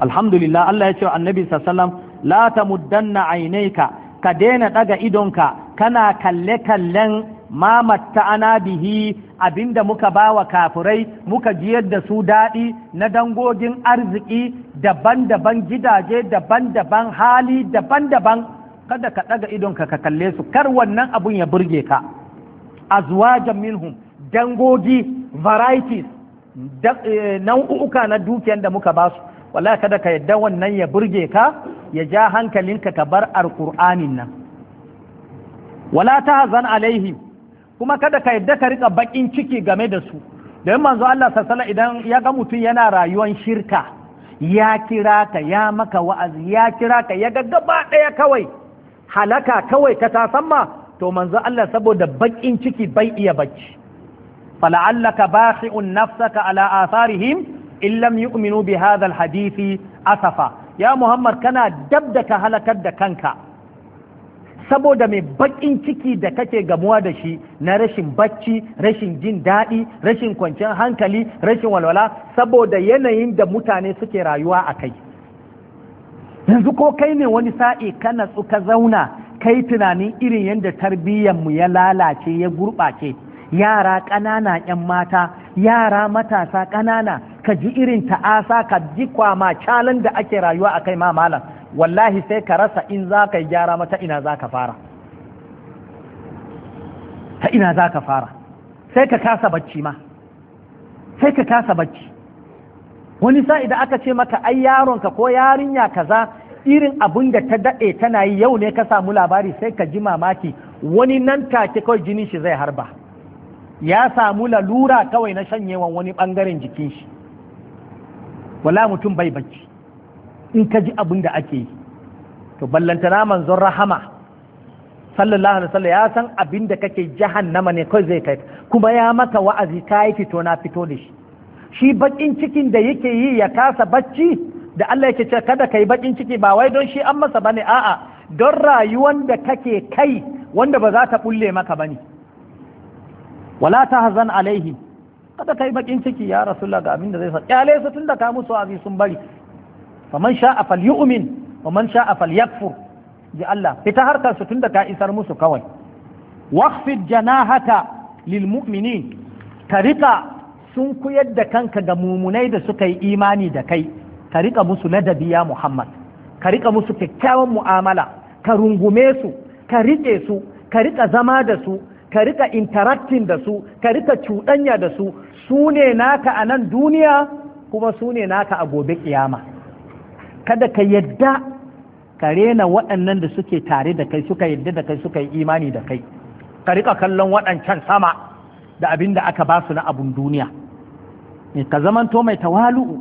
alhamdulillah Allah ya ce wa annabi sallam la tamuddanna ainaika ka daina daga idonka kana kalle kallen ma matta'ana bihi abinda muka bawa kafirai muka jiyar da su daɗi na dangogin arziki daban-daban gidaje daban-daban hali daban-daban kada ka ɗaga idonka ka kalle su kar wannan abun ya burge ka azwajan minhum dangogi varieties eh, nau'uka na dukiyar da muka basu wallahi kada ka yadda wannan ya burge ka ya ja hankalinka ka bar alƙur'anin nan wala ta hazan alaihi kuma kada ka yadda ka rika bakin ciki game da su da yin manzo Allah sassala idan ya ga mutum yana rayuwan shirka ya kira ka ya maka wa'azi ya kira ka ya ga gaba ɗaya kawai halaka kawai ka ta samma to manzo Allah saboda bakin ciki bai iya bacci fala'allaka basi'un nafsaka ala atharihim in lam yu'minu bi hadha alhadisi asafa ya muhammad kana dab da ka halakar da kanka saboda mai baƙin ciki da kake gamuwa da shi na rashin bacci rashin jin daɗi rashin kwanciyar hankali rashin walwala saboda yanayin da mutane suke rayuwa a kai yanzu ko kai ne wani sa'i kana suka zauna kai tunanin irin yadda tarbiyyarmu ya lalace ya gurɓace yara ƙanana 'yan mata yara matasa ƙanana ka ji irin ta'asa ka ji kwama calan da ake rayuwa a kai ma malam wallahi sai ka rasa in za ka yi gyara mata ina za ka fara ta ina za ka fara sai ka kasa bacci ma sai ka kasa bacci wani sa'i da aka ce maka ai yaronka ko yarinya kaza irin abin da ta daɗe tana yi yau ne ka samu labari sai ka ji mamaki wani nan take kawai jini shi zai harba ya samu lalura kawai na shanyewan wani ɓangaren jikin shi wala mutum bai bacci in ka ji abin da ake yi to ballantana manzon rahama sallallahu alaihi wasallam ya san abin da kake jahannama ne kai zai kai kuma ya maka wa'azi ka yi fito na fito da shi shi bakin cikin da yake yi ya kasa bacci da Allah yake ce kada ka kai bakin ciki ba wai don shi an masa bane a'a don rayuwan da kake kai wanda ba za ta bulle maka ba ne. wala ta tahzan alaihi kada kai bakin ciki ya rasulullah ga abin da zai sa kyale su tunda ka musu wa'azi sun bari faman sha'a falyu'min faman a falyakfur ji Allah fita harkar su tunda ka isar musu kawai waqfid janahata lil mu'minin ka rika sun kuyar da kanka ga mumunai da suka yi imani da kai ka rika musu ladabi ya Muhammad ka rika musu kyakkyawan mu'amala ka rungume su ka rike su ka rika zama da su ka rika interacting da su ka rika cuɗanya da su su ne naka a nan duniya kuma su ne naka a gobe kiyama kada ka yadda ka rena waɗannan da suke tare da kai suka yadda da kai suka yi imani da kai ka rika kallon waɗancan sama da abin da aka ba su na abun duniya mai ka zamanto mai tawalu'u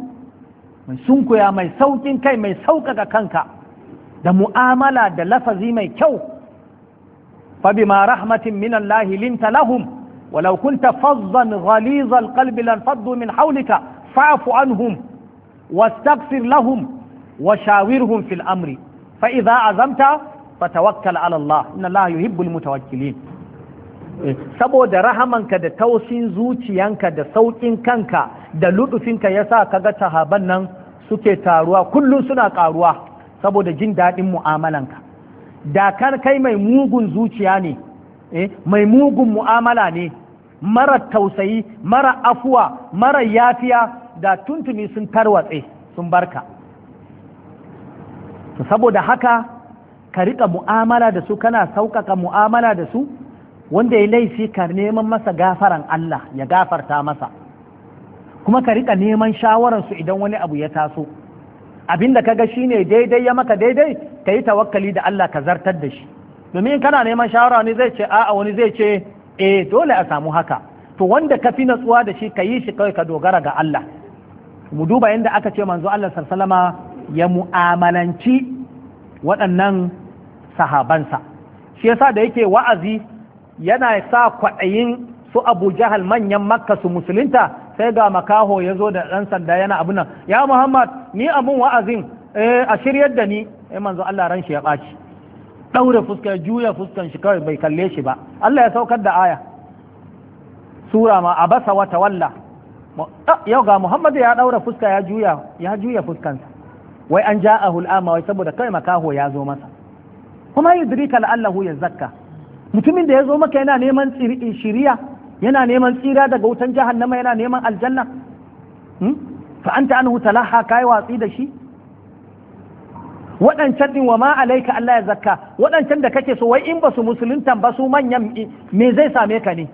mai sunkuya mai saukin kai mai sauƙaƙa kanka da mu'amala da lafazi mai kyau fa bima rahmatin min Allah linta lahum walau kunta fazzan ghaliz alqalbi lan faddu min hawlika fa'fu anhum wastaghfir lahum wa fil amri fa idza azamta fatawakkal ala Allah inna Allah yuhibbul mutawakkilin eh, saboda rahamanka da tausin zuciyanka da saukin kanka da ludufinka yasa kaga tahaban nan suke taruwa kullum suna karuwa saboda jin daɗin mu'amalanka da kar kai mai mugun zuciya ne eh, mai mugun mu'amala ne mara tausayi mara afuwa mara yafiya da tuntuni sun tarwatse sun barka to saboda haka ka riƙa mu'amala da su kana sauƙaƙa mu'amala da su wanda ya laifi ka neman masa gafaran Allah ya gafarta masa kuma ka riƙa neman shawararsu idan wani abu ya taso abin da kaga shine daidai ya maka daidai ka yi tawakkali da Allah ka zartar da shi domin kana neman shawara wani zai ce a'a wani zai ce eh dole a samu haka to wanda ka fi natsuwa da shi ka yi shi kawai ka dogara ga Allah mu duba yadda aka ce manzo Allah sallallahu ya mu'amalanci waɗannan sahabansa shi yasa da yake wa'azi yana sa kwaɗayin su abu jahal manyan makka su musulunta sai ga makaho ya zo da ɗan sanda yana abu nan ya muhammad ni abin wa'azin eh, a shiryar da ni ya manzo Allah ran shi ya ɓaci ɗaure fuskar juya fuskan shi kawai bai kalle shi ba Allah ya saukar da aya sura ma a basa wata walla ah, yau ga muhammad ya ɗaura fuska ya juya ya juya fuskansa wai an ja hul'ama wai saboda kawai makaho ya zo masa kuma yi dirika la'allahu ya zakka mutumin da ya zo maka yana neman eh, shiriya yana neman tsira daga wutan jahannama yana neman aljanna hmm? fa anta anhu talaha kai watsi da shi waɗancan din wa ma Allah ya zakka waɗancan da kake so wai in ba su musuluntan ba su manyan eh, me zai same ka ne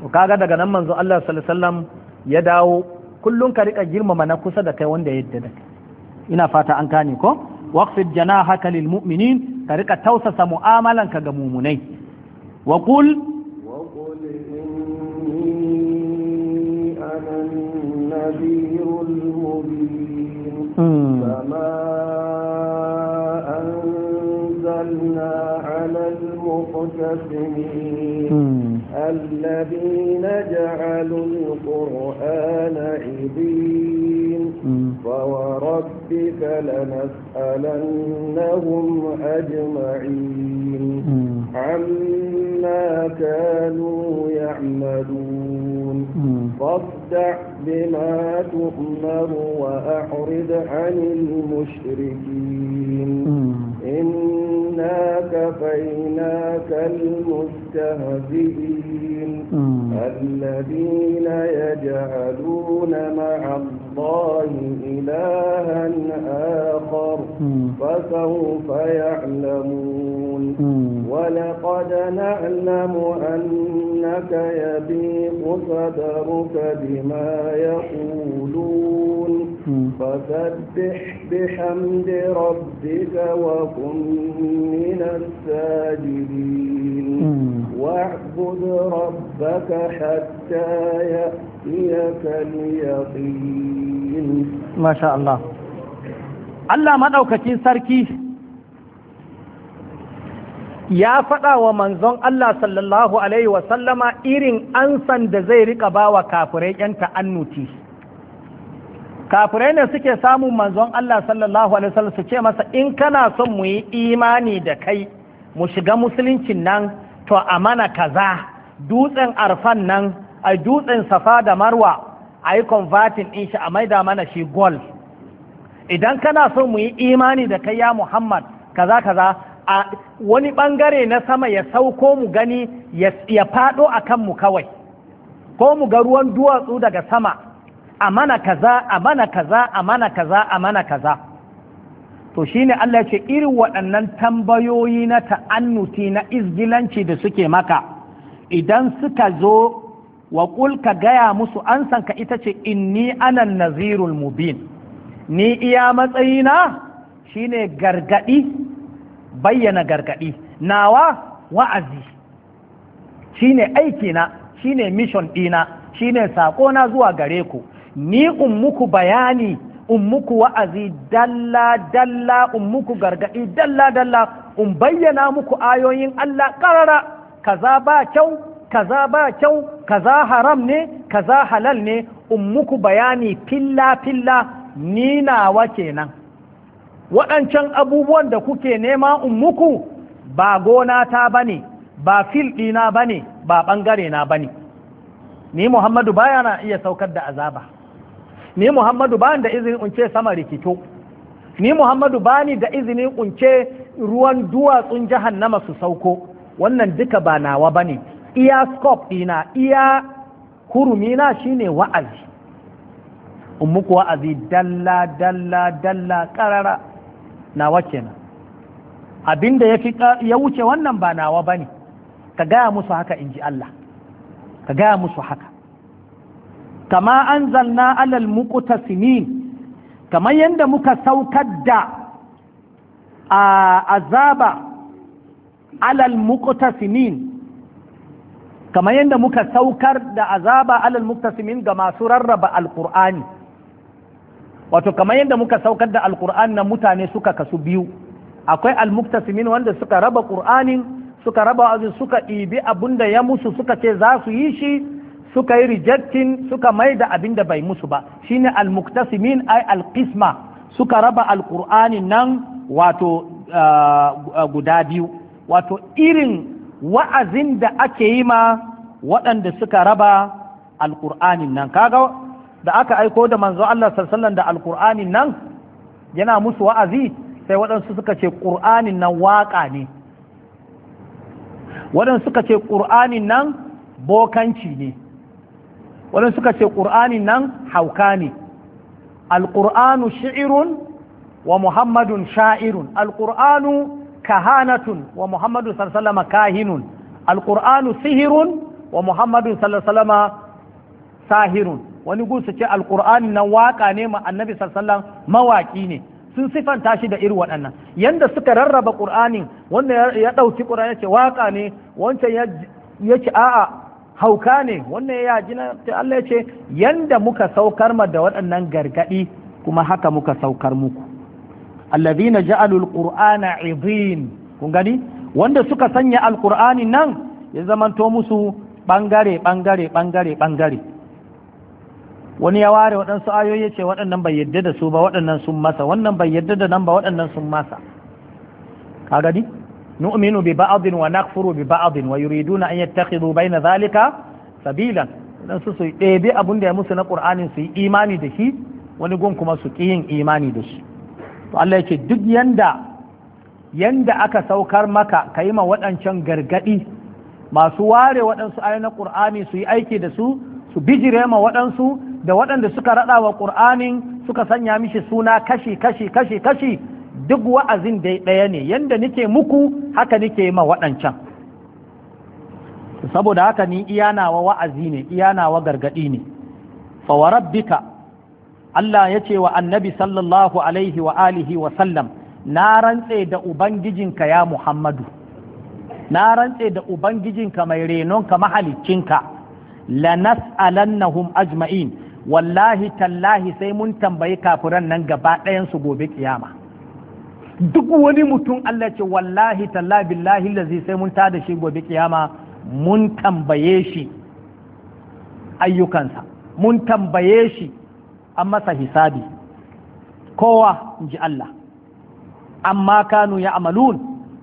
to kaga daga nan manzo Allah sallallahu ya dawo kullun ka rika girmama na kusa da kai wanda ya yadda da kai ina fata an kani ko waqfid janahaka lil mu'minin ka rika tausasa ka ga mumunai wa qul wa qul inni ana an mubin hmm. أنزلنا على المقتسمين الذين جعلوا القرآن عبين فوربك لنسألنهم أجمعين عما كانوا يعملون فاصدع بما تؤمر وأعرض عن المشركين إن كفيناك المستهزئين الذين يجعلون مع الله إلها آخر فسوف يعلمون ولقد نعلم أنك يضيق صدرك بما يقولون فسبح بحمد ربك وكن من الساجدين واعبد ربك حتى يأتيك اليقين ما شاء الله Allah maɗaukacin sarki ya faɗa wa manzon Allah sallallahu Alaihi wasallama irin ansan da zai riƙa ba wa kafirai ‘yan ta'annuti. kafirai ne suke samun manzon Allah sallallahu alaihi wasallam su ce masa in kana son mu yi imani da kai mu shiga musuluncin nan to a mana kaza dutsen arfan nan a dutsen safa da marwa a yi convertin din shi a maida mana shi gol. idan kana son mu yi imani da kai ya muhammad kaza kaza a wani bangare na sama ya sauko mu gani ya faɗo a mu kawai ko mu ga ruwan duwatsu daga sama a mana kaza a mana kaza a mana kaza a mana kaza to shine Allah ya ce irin waɗannan tambayoyi na ta'annuti na izgilanci da suke maka idan suka zo wa ka gaya musu an ka ita ce inni anan nazirul mubin ni iya matsayina shine gargadi bayyana gargadi nawa wa'azi shine aikina shine mission ɗina shine saƙona zuwa gare ku ni ummuku bayani ummuku wa'azi dalla dalla ummuku gargadi dalla dalla in bayyana muku ayoyin Allah karara kaza ba kyau kaza ba kyau kaza haram ne kaza halal ne ummuku bayani filla filla ni nawa kenan waɗancan abubuwan da kuke nema ummuku ba gona ta bane ba fil ɗina bane ba ɓangare na bane ni Muhammadu baya na iya saukar da azaba ni Muhammadu ba da izinin unce sama rikito ni Muhammadu ba ni da izinin unce ruwan duwatsun jahannama su sauko wannan duka ba nawa ba ne, iya scope dina iya hurumina shine wa'azi in muku wa'azi dalla dalla dalla karara nawa kenan abinda ya fi ya wuce wannan ba nawa ba ne, ka gaya musu haka in ji Allah ka gaya musu haka kama anzalna alal muqtasimin kamar yadda muka saukar da azaba alal muqtasimin kamar yadda muka saukar da azaba alal muktasimin ga masu rarraba alkur'ani wato kamar yadda muka saukar da alkur'ani na mutane suka kasu biyu akwai almuktasimin wanda suka raba qur'anin suka raba azin suka ibi abunda ya musu suka ce za su yi shi suka yi rejectin suka mai da abin da bai musu ba shine al-muktasimin ay al-qisma suka raba alkur'ani nan wato uh, uh, guda biyu wato irin wa'azin da ake yi ma waɗanda suka raba alkur'ani nan kaga da aka aiko da manzo Allah sallallahu da alkur'ani nan yana musu wa'azi sai waɗansu suka ce ƙur'anin nan waƙa ne waɗansu suka ce ƙur'anin nan bokanci ne wadanda suka ce ƙur'anin nan hauka ne alƙur'anu shi'irun wa muhammadun sha'irun alƙur'anu kahanatun wa muhammadun sallama kahinun alƙur'anu sihirun wa muhammadun sallama sahirun wani gusa ce alƙur'ani nan waƙa ne ma annabi sallallahu mawaƙi ne sun sifanta shi da irin waɗannan yanda suka rarraba ƙur'anin wanda ya ɗauki ƙur'ani ya ce waƙa ne wancan ya ce a'a hauka ne wannan ya ji na Allah ya ce yanda muka saukar ma da waɗannan gargaɗi kuma haka muka saukar muku allazina ja'alul qur'ana idin kun gani wanda suka sanya alqur'ani nan ya zamanto musu bangare bangare bangare bangare wani ya ware waɗansu ayoyi ce waɗannan bai yadda da su ba waɗannan sun masa wannan bai yadda da nan ba waɗannan sun masa ka gani nu'minu bi ba'adin wa nakfuru bi ba'adin wa yuriduna an yattakhidhu bayna zalika sabilan dan su ɗebi abin da ya musu na qur'anin su yi imani da shi wani gun kuma su ƙi yin imani da shi to Allah yake duk yanda yanda aka saukar maka ka yi ma waɗancan gargaɗi masu ware waɗansu ayoyi na ƙur'ani su yi aiki da su su bijire ma waɗansu da waɗanda suka raɗa wa ƙur'anin suka sanya mishi suna kashi kashi kashi kashi duk wa'azin dai ɗaya ne yadda nike muku haka nike ma waɗancan saboda haka ni nawa wa'azi ne iya nawa gargaɗi ne fawarabbika Allah ya ce wa annabi sallallahu alaihi wa alihi wa sallam na rantse da ubangijinka ya Muhammadu na rantse da ubangijinka mai renonka mahalicinka Lanas nas'alannahum ajma'in wallahi tallahi sai mun tambayi kafiran nan gaba ɗayan su gobe kiyama duk wani mutum Allah ce wallahi talla billahi lazi sai mun tada shi gobe kiyama mun tambaye shi ayyukansa mun tambaye shi an masa hisabi kowa in ji Allah amma kanu ya amalun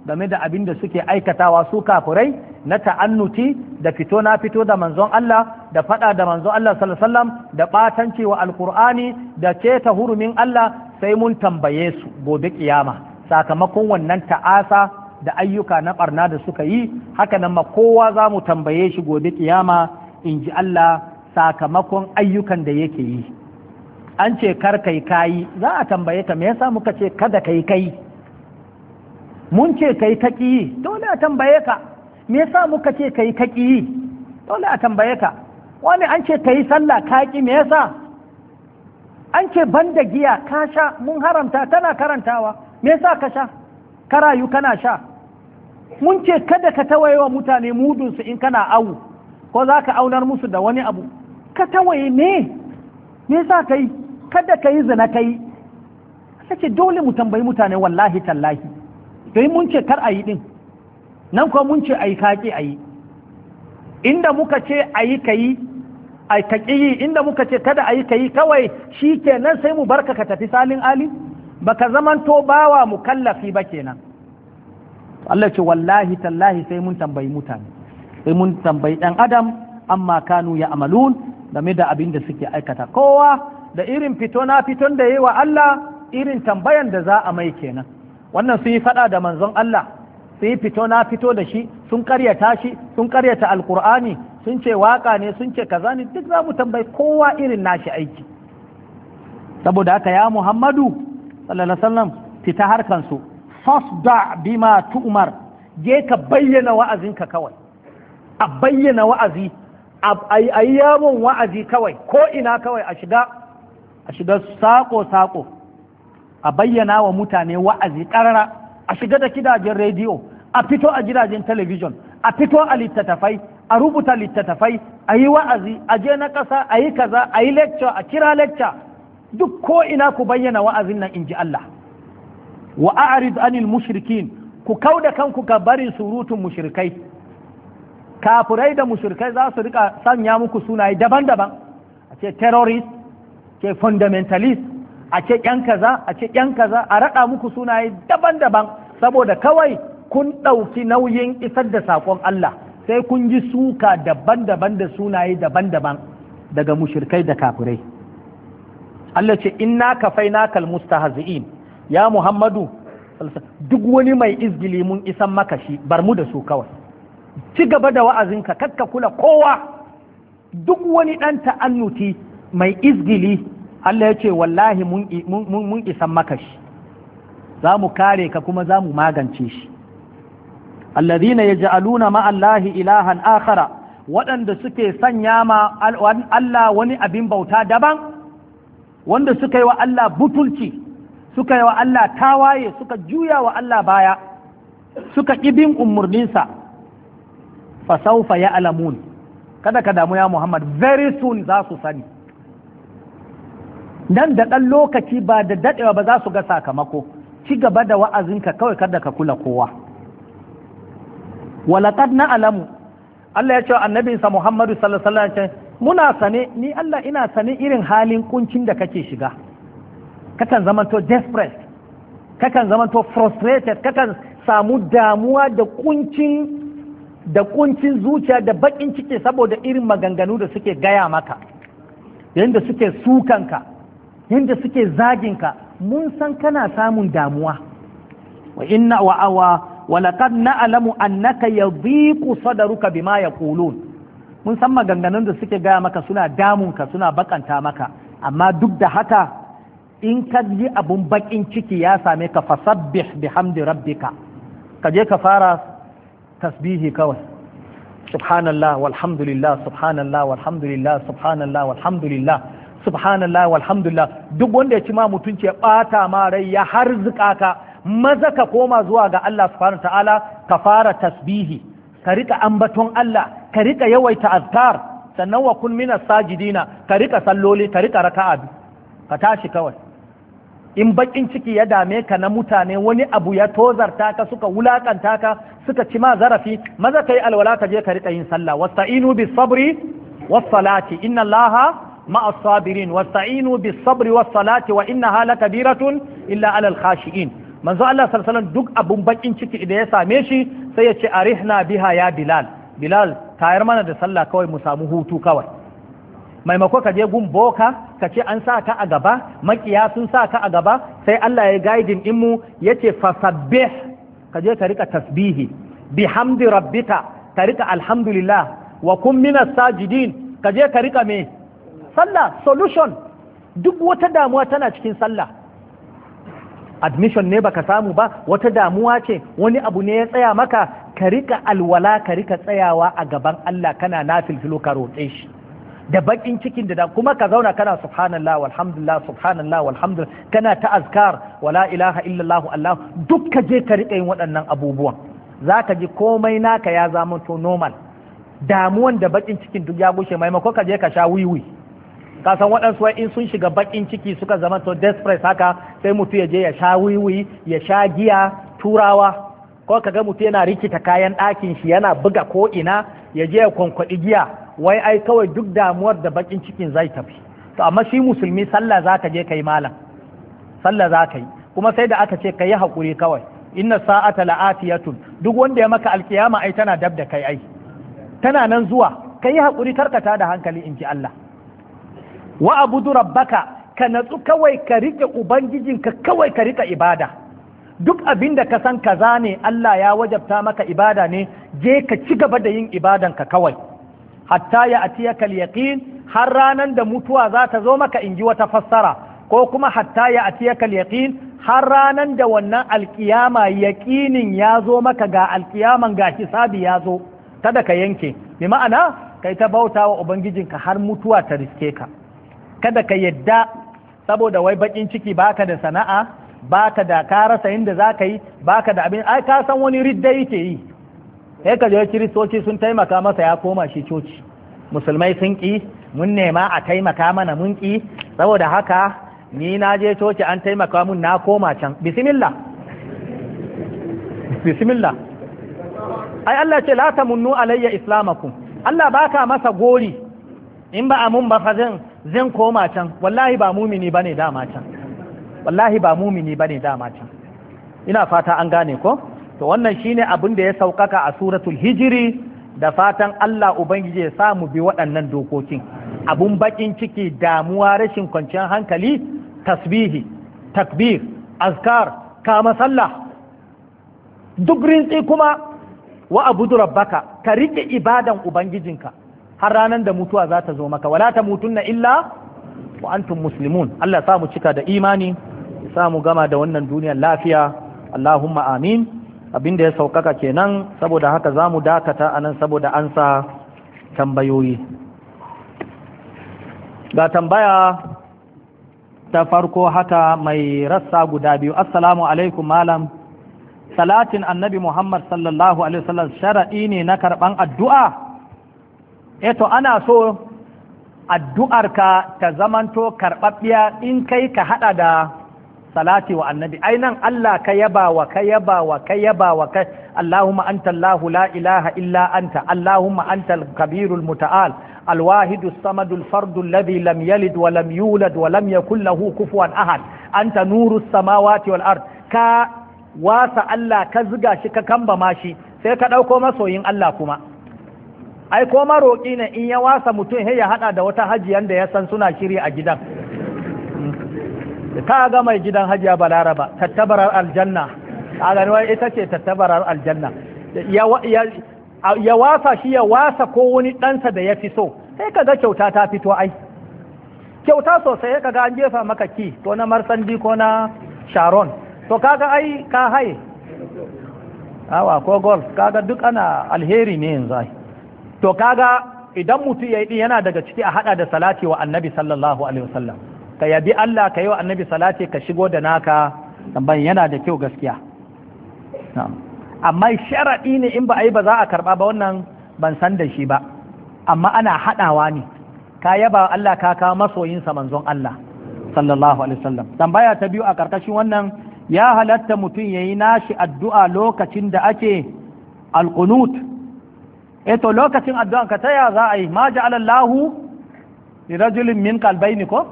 game da abin da suke aikatawa su kafurai na ta'annuti da fito na fito da manzon Allah da fada da manzon Allah sallallahu alaihi da batanci wa alqur'ani da keta hurumin Allah sai mun tambaye su gobe kiyama sakamakon wannan ta'asa da ayyuka na barna da suka yi haka nan ma kowa za mu tambaye shi gobe kiyama in ji Allah sakamakon ayyukan da yake yi an ce kar kai kayi za a tambaye ka me yasa muka ce kada kai kai mun ce kai kaki dole a tambaye ka me yasa muka ce kai kaki dole a tambaye ka wani an ce kai sallah kaki me yasa an ce banda giya ka sha mun haramta tana karantawa me yasa ka sha ka rayu kana sha mun ce kada ka tawayewa mutane mudunsu in kana awu ko za ka aunar musu da wani abu ka tawaye ne me yasa ka yi kada ka yi zina ka yi ce dole mu tambayi mutane wallahi tallahi to mun ce kar a yi din nan ko mun ce a yi kaƙi a yi inda muka ce a yi ka yi yi inda muka ce kada a yi ka yi kawai shi kenan sai mu barka ka tafi salin ali baka zamanto bawa mukallafi ba kenan Allah ce wallahi tallahi sai mun tambayi mutane sai mun tambayi dan adam amma kanu ya amalun game da abin da suke aikata kowa da irin fito na fiton da yayi wa Allah irin tambayan da za a mai kenan wannan su yi fada da manzon Allah su yi fito na fito da shi sun karyata shi sun karyata alkur'ani sun ce waka ne sun ce kaza ne duk za mu tambayi kowa irin nashi aiki saboda haka ya Muhammadu sallallahu wasallam fita su fasda bima tu'mar je ka bayyana wa'azinka kawai a bayyana wa'azi a yi wa'azi kawai ko ina kawai a shiga a shiga sako-sako a bayyana wa mutane wa'azi karara a shiga da gidajen rediyo a fito a gidajen talabijin a fito a littattafai a rubuta littattafai a yi wa'azi a je na ƙasa a yi kaza a yi lecture a kira lecture duk ko ina ku bayyana wa'azin nan in ji Allah wa a'rid anil mushrikin ku kauda kanku ka barin surutun mushrikai Kafurai da mushrikai za su rika sanya muku sunaye daban-daban a ce terrorist ce fundamentalist a ce yan kaza a ce yan kaza a raɗa muku sunaye daban-daban saboda kawai kun ɗauki nauyin isar da saƙon Allah sai kun ji suka daban-daban da sunaye daban-daban daga mushrikai da kafurai. Allah ce inna kafaina kal mustahzi'in ya Muhammadu duk wani mai izgili mun isan maka shi bar mu da su kawai ci gaba da wa'azinka kakka kula kowa duk wani ɗan ta'annuti mai izgili Allah ya ce wallahi mun isan maka shi za mu kare ka kuma za mu magance shi alladhina yaj'aluna ma'allahi ilahan akhara waɗanda suke sanya ma Allah wani abin bauta daban wanda suka yi wa Allah butulci suka yi wa Allah tawaye suka juya wa Allah baya suka bin umarninsa fasaufa ya alamun kada ka damu ya Muhammad very soon za su sani nan da ɗan lokaci ba da daɗewa ba za su ga sakamako ci gaba da wa'azinka kawai kada ka kula kowa walaƙad na alamu Allah ya ce wa annabinsa Muhammadu sallallahu alaihi wasallam muna sane ni Allah ina sane irin halin kuncin da kake shiga kakan zamanto desperate kakan zamanto frustrated kakan samu damuwa da kuncin da kuncin zuciya da bakin ciki saboda irin maganganu da suke gaya maka yadda suke ka yadda suke zaginka mun san kana samun damuwa wa inna wa awa wa laqad na'lamu annaka yadhiqu sadruka bima yaqulun mun san maganganun da suke gaya maka suna damunka suna bakanta maka amma duk da haka in ka ji abun bakin ciki ya same ka fasabbih bihamdi rabbika ka je ka fara tasbihi kawai subhanallah walhamdulillah subhanallah walhamdulillah subhanallah walhamdulillah subhanallah walhamdulillah duk wanda ya ci ma mutunci ya bata ma rai ya harzuka ka maza ka koma zuwa ga Allah subhanahu ta'ala ka fara tasbihi ka rika ambaton Allah ka rika yawaita azkar sannan wa kun minas sajidina ka rika salloli ka rika raka'a ka tashi kawai in bakin ciki ya dame ka na mutane wani abu ya tozarta ka suka wulakanta ka suka ci ma zarafi maza kai alwala ka je ka rika yin sallah wasta'inu bis sabri was salati inna allaha مع الصابرين واستعينوا wa inna hala kabiratun إلا على الخاشئين manzo Allah sallallahu alaihi wasallam duk abun bakin ciki da ya same shi sai ya ce arihna biha ya bilal bilal tayar mana da sallah kawai mu samu hutu kawai maimako ka je gun boka ka ce an sa ka a gaba makiya sun sa ka a gaba sai Allah ya gaidin in mu yace fasabbih ka je ka rika tasbihi bihamdi rabbika ka rika alhamdulillah wa kun minas sajidin ka je ka rika me sallah solution duk wata damuwa tana cikin sallah admission ne baka samu ba wata damuwa ce wani abu ne ya tsaya maka ka rika alwala ka rika tsayawa a gaban Allah kana nafilfilo ka roƙe shi da bakin cikin da kuma ka zauna kana subhanallah walhamdulillah subhanallah walhamdulillah kana ta azkar wala ilaha illallah Allah duk ka je ka rika yin waɗannan abubuwan zaka ji komai naka ya zama to normal damuwan da bakin cikin duk ya gushe maimako ka je ka sha wiwi ka san waɗansu in sun shiga baƙin ciki suka zama to desperate haka sai mutu ya je ya sha wiwi ya sha giya turawa ko ga mutu yana rikita kayan ɗakin shi yana buga ko ina ya je ya kwankwaɗi giya wai ai kawai duk damuwar da baƙin cikin zai tafi to amma shi musulmi sallah za ka je kai malam sallah za ka yi kuma sai da aka ce ka yi haƙuri kawai inna sa'ata la'atiyatun duk wanda ya maka alkiyama ai tana dab da kai ai tana nan zuwa ka yi haƙuri karkata da hankali in ji Allah wa abudu rabbaka ka natsu kawai ka riƙe ubangijinka kawai ka rika ibada duk abin da ka san kaza ne Allah ya wajabta maka ibada ne je ka ci gaba da yin ibadanka kawai hatta ya kal yaqin har ranan da mutuwa za ta zo maka inji wata fassara ko kuma hatta ya kal yaqin har ranan da wannan alkiyama yaqinin ya zo maka ga alkiyaman ga hisabi ya zo kada ka yanke bi ma'ana kai ta bauta wa ubangijinka har mutuwa ta riske ka kada ka yadda saboda wai bakin ciki baka da sana'a baka da ka rasa inda za ka yi baka da abin ai ka san wani ridda yake yi sai ka je kiristoci sun taimaka masa ya koma shi coci musulmai sun ki mun nema a taimaka mana mun ki saboda haka ni na je coci an taimaka mun na koma can bismillah bismillah ai Allah ce la tamunnu alayya islamakum Allah baka masa gori in ba a mun ba fa zan zan koma can wallahi ba mumini bane dama can wallahi ba mumini bane dama can ina fata an gane ko to wannan shine abin da ya saukaka a suratul hijiri da fatan Allah ubangiji ya samu bi waɗannan dokokin abun bakin ciki damuwa rashin kwanciyar hankali tasbihi takbir azkar kama sallah duk rintsi kuma wa abudu rabbaka ka rike ibadan ubangijinka har ranar da mutuwa za ta zo maka wala ta mutunna illa wa antum muslimun Allah samu cika da imani samu gama da wannan duniyar lafiya Allahumma amin abinda ya saukaka kenan saboda haka za mu dakata nan saboda an sa tambayoyi ga tambaya ta farko haka mai rassa guda biyu assalamu alaikum malam salatin annabi muhammad sallallahu alaihi wasallam ne na karban addu'a eto eh ana so addu'arka ta zamanto karɓaɓɓiya in kai ka haɗa da salati wa annabi ai Allah ka yaba wa ka yaba wa ka yaba wa ka Allahumma anta Allahu la ilaha illa anta Allahumma anta al-kabirul muta'al الواحد الصمد الفرد الذي لم yulad wa يولد kulla hu kufuwan Ahad Anta nuru samawati wal والأرض ka wasa Allah ka ziga shi ka kamba mashi sai ka ɗauko masoyin Allah kuma ai ko maroƙi ne in ya wasa mutum ya haɗa da wata hajiyan da ya san suna shiri a gidan ka ga mai gidan hajiya balaraba tattabarar aljanna a ganuwar ita ce tattabarar aljanna ya wasa shi ya wasa ko wani ɗansa da ya fi so sai ka ga kyauta ta fito ai kyauta sosai ka ga an jefa maka ki ko na marsandi ko na sharon to kaga ai ka haye awa ko golf kaga duk ana alheri ne yanzu ai to kaga idan mutum yayi yana daga ciki a hada da salati wa annabi sallallahu alaihi wasallam ka yabi Allah ka yi wa annabi salati ka shigo da naka tambayin yana da kyau gaskiya amma sharaɗi ne in ba a yi ba za a karɓa ba wannan ban san da shi ba amma ana haɗawa ne ka yaba Allah ka kawo masoyinsa manzon Allah sallallahu alaihi wasallam tambaya ta biyu a karkashin wannan ya halatta mutum yayi nashi addu'a lokacin da ake alqunut eh to lokacin addu'an ka taya za a yi ma ja'alallahu li rajulin min qalbayni ko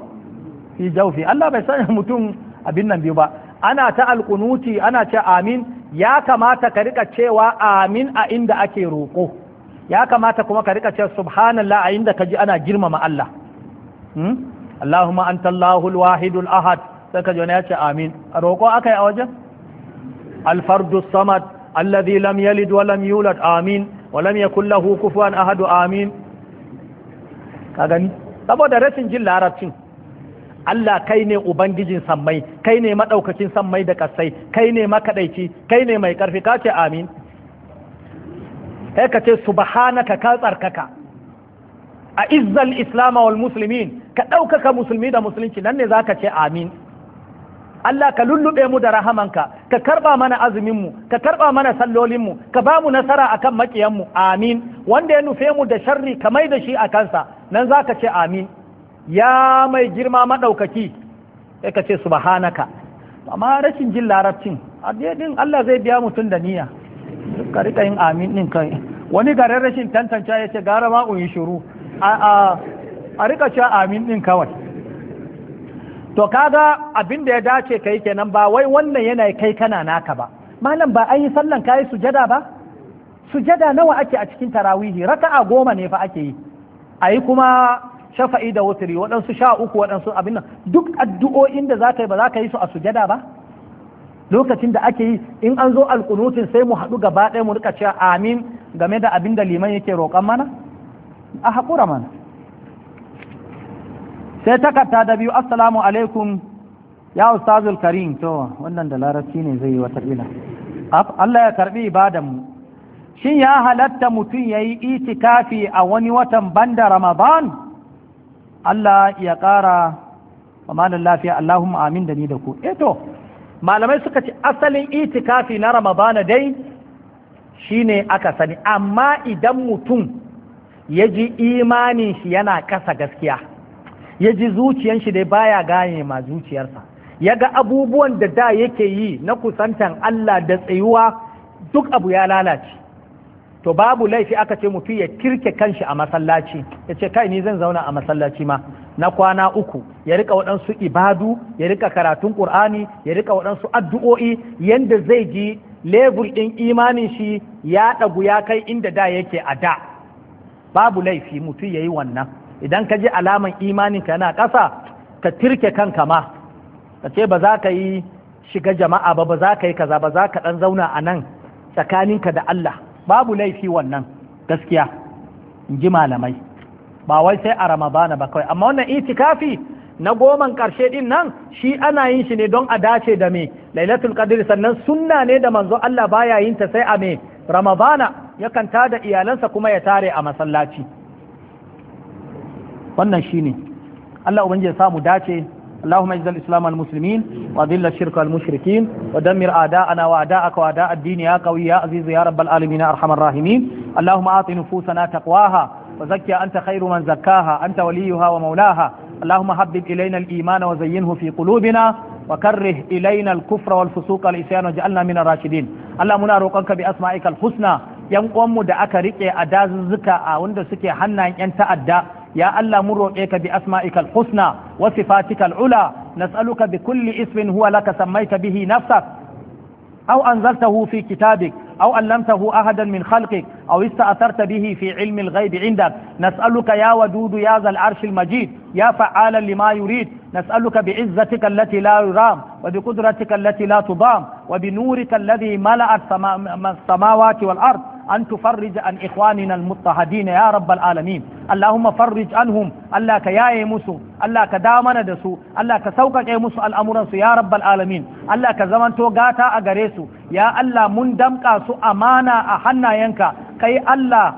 fi jawfi Allah bai sanya mutum abin nan biyu ba ana ta alkunuti ana ce amin ya kamata ka rika cewa amin a inda ake roƙo ya kamata kuma ka rika cewa subhanallah a inda ka ji ana girmama Allah hmm? Allahumma anta Allahul wahidul ahad sai ka ji wani ya ce amin roƙo aka a wajen alfardu samad الذي لم يلد ولم يولد آمين ولم يكن له كفوا أحد آمين kagani saboda rashin jin larabcin Allah kai ne ubangijin sammai kai ne madaukakin sammai da kasai kai ne makadaici kai ne mai karfi kace amin kai ka ce subhanaka ka tsarkaka a izzal islam wal muslimin ka ɗaukaka musulmi da musulunci nan ne zaka ce amin Allah ka lullube mu da rahamanka ka karba mana azumin mu, ka karba mana sallolin mu, ka ba mu nasara akan mu, amin wanda ya nufe mu da sharri ka mai da shi a kansa nan za ka ce amin ya mai girma maɗaukaki sai ka ce subhanaka amma rashin jin larabcin din Allah zai biya mutum da niyya ka rika yin amin din kai wani garin rashin tantance ya ce gara ma shuru shiru a rika cewa amin din kawai to kaga abin da ya dace kai kenan ba wai wannan yanayi kai kana naka ba malam ba an yi sallan kayi sujada ba sujada nawa ake a cikin tarawihi raka'a goma ne fa ake yi a kuma shafa'i da wuturi waɗansu sha uku waɗansu abin nan duk addu'o'in da za ka yi ba za ka yi su a sujada ba lokacin da ake yi in an zo alƙunutin sai mu haɗu gaba ɗaya mu rika cewa amin game da abin da liman yake roƙon mana a haƙura mana sai takarta da biyu assalamu alaikum ya ustazul karim to wannan da larabci ne zai yi wata ila Allah ya karbi ibadan mu shin ya halatta mutum ya yayi itikafi a wani watan banda ramadan Allah ya ƙara. kara amalan lafiya Allahumma amin da ni da ku eh to malamai suka ce asalin itikafi na Ramadan dai shine aka sani amma idan mutum ya ji imanin shi yana ƙasa gaskiya ya ji zuciyan shi dai baya gane ma zuciyarsa ya ga abubuwan da da yake yi na kusantan Allah da tsayuwa duk abu ya lalace to babu laifi aka ce mutum ya kirke kanshi a masallaci ya ce kai ni zan zauna a masallaci ma na kwana uku ya rika waɗansu ibadu ya rika karatun ƙur'ani ya rika waɗansu addu'o'i yanda zai ji lebur ɗin imanin shi ya ɗagu ya kai inda da yake a da babu laifi mutum ya yi wannan idan ka ji alaman imanin ka yana ƙasa ka tirke kanka ma ka ce ba za ka yi shiga jama'a ba ba za ka yi kaza ba za ka ɗan zauna a nan tsakaninka da Allah babu laifi wannan gaskiya in ji malamai ba wai sai a ramabana ba kawai amma wannan itikafi na goman ƙarshe ɗin nan shi ana yin shi ne don a dace da me lailatul qadr sannan sunna ne da manzo Allah baya yin ta sai a me ramabana yakan da iyalansa kuma ya tare a masallaci wannan shine Allah ubangiji ya samu dace اللهم اجزل الاسلام المسلمين واذل الشرك المشركين ودمر اعداءنا واعداءك واعداء الدين يا قوي يا عزيز يا رب العالمين يا ارحم الراحمين اللهم اعط نفوسنا تقواها وزكها انت خير من زكاها انت وليها ومولاها اللهم حبب الينا الايمان وزينه في قلوبنا وكره الينا الكفر والفسوق والعصيان واجعلنا من الراشدين اللهم منا روقنك باسمائك الحسنى yan uwanmu da aka rike a dazuzzuka a wanda suke hannayen 'yan ta'adda يا الله مر roƙe باسمائك الحسنى وصفاتك العلى نسالك بكل اسم هو لك سميت به نفسك او انزلته في كتابك أو علمته أحدا من خلقك أو استأثرت به في علم الغيب عندك نسألك يا ودود يا ذا العرش المجيد يا فعالا لما يريد نسألك بعزتك التي لا يرام وبقدرتك التي لا تضام وبنورك الذي ملأت السماوات والأرض أن تفرج عن إخواننا المضطهدين يا رب العالمين اللهم فرج عنهم الله كياي مسو الله كدامنا دسو الله كسوكك مسو الأمر يا رب العالمين الله كزمن توغاتا أغريسو يا الله من دمكا سو أمانا أحنا ينكا كي الله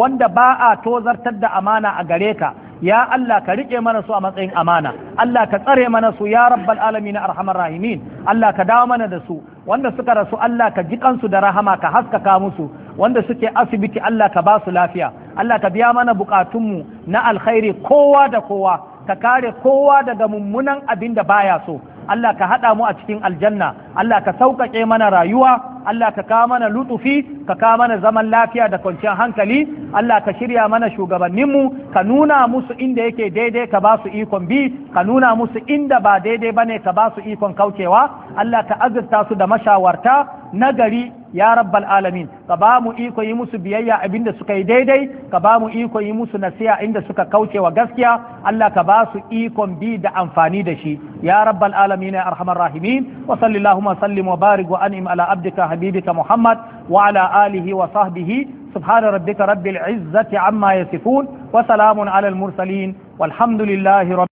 wanda ba a tozartar da amana a gare ka ya Allah ka riƙe mana su a matsayin amana Allah ka tsare mana su ya rabbal alamin arhamar rahimin Allah ka dawo mana da su wanda suka rasu Allah ka ji kansu da rahama ka haskaka musu wanda suke asibiti Allah ka ba su lafiya Allah ka biya mana bukatunmu na alkhairi kowa da kowa ka kare kowa daga mummunan abin da baya so Allah ka haɗa mu a cikin aljanna Allah ka sauƙaƙe mana rayuwa Allah ka kawo mana lutufi ka kawo mana zaman lafiya da kwanciyar hankali Allah ka shirya mana shugabanninmu ka nuna musu inda yake daidai ka ba su ikon bi ka nuna musu inda ba daidai bane ka ba su ikon kaucewa Allah ka azurta su da mashawarta nagari ya rabbal alamin ka ba mu iko yi musu biyayya abinda suka yi daidai ka ba mu iko yi musu nasiha inda suka kauce wa gaskiya Allah ka ba su ikon bi da amfani da shi ya rabbal alamin ya arhamar rahimin wa sallallahu wa sallim wa barik wa an'im ala abdika habibika muhammad wa ala alihi wa sahbihi subhana rabbika rabbil izzati amma yasifun wa salamun ala al mursalin walhamdulillahi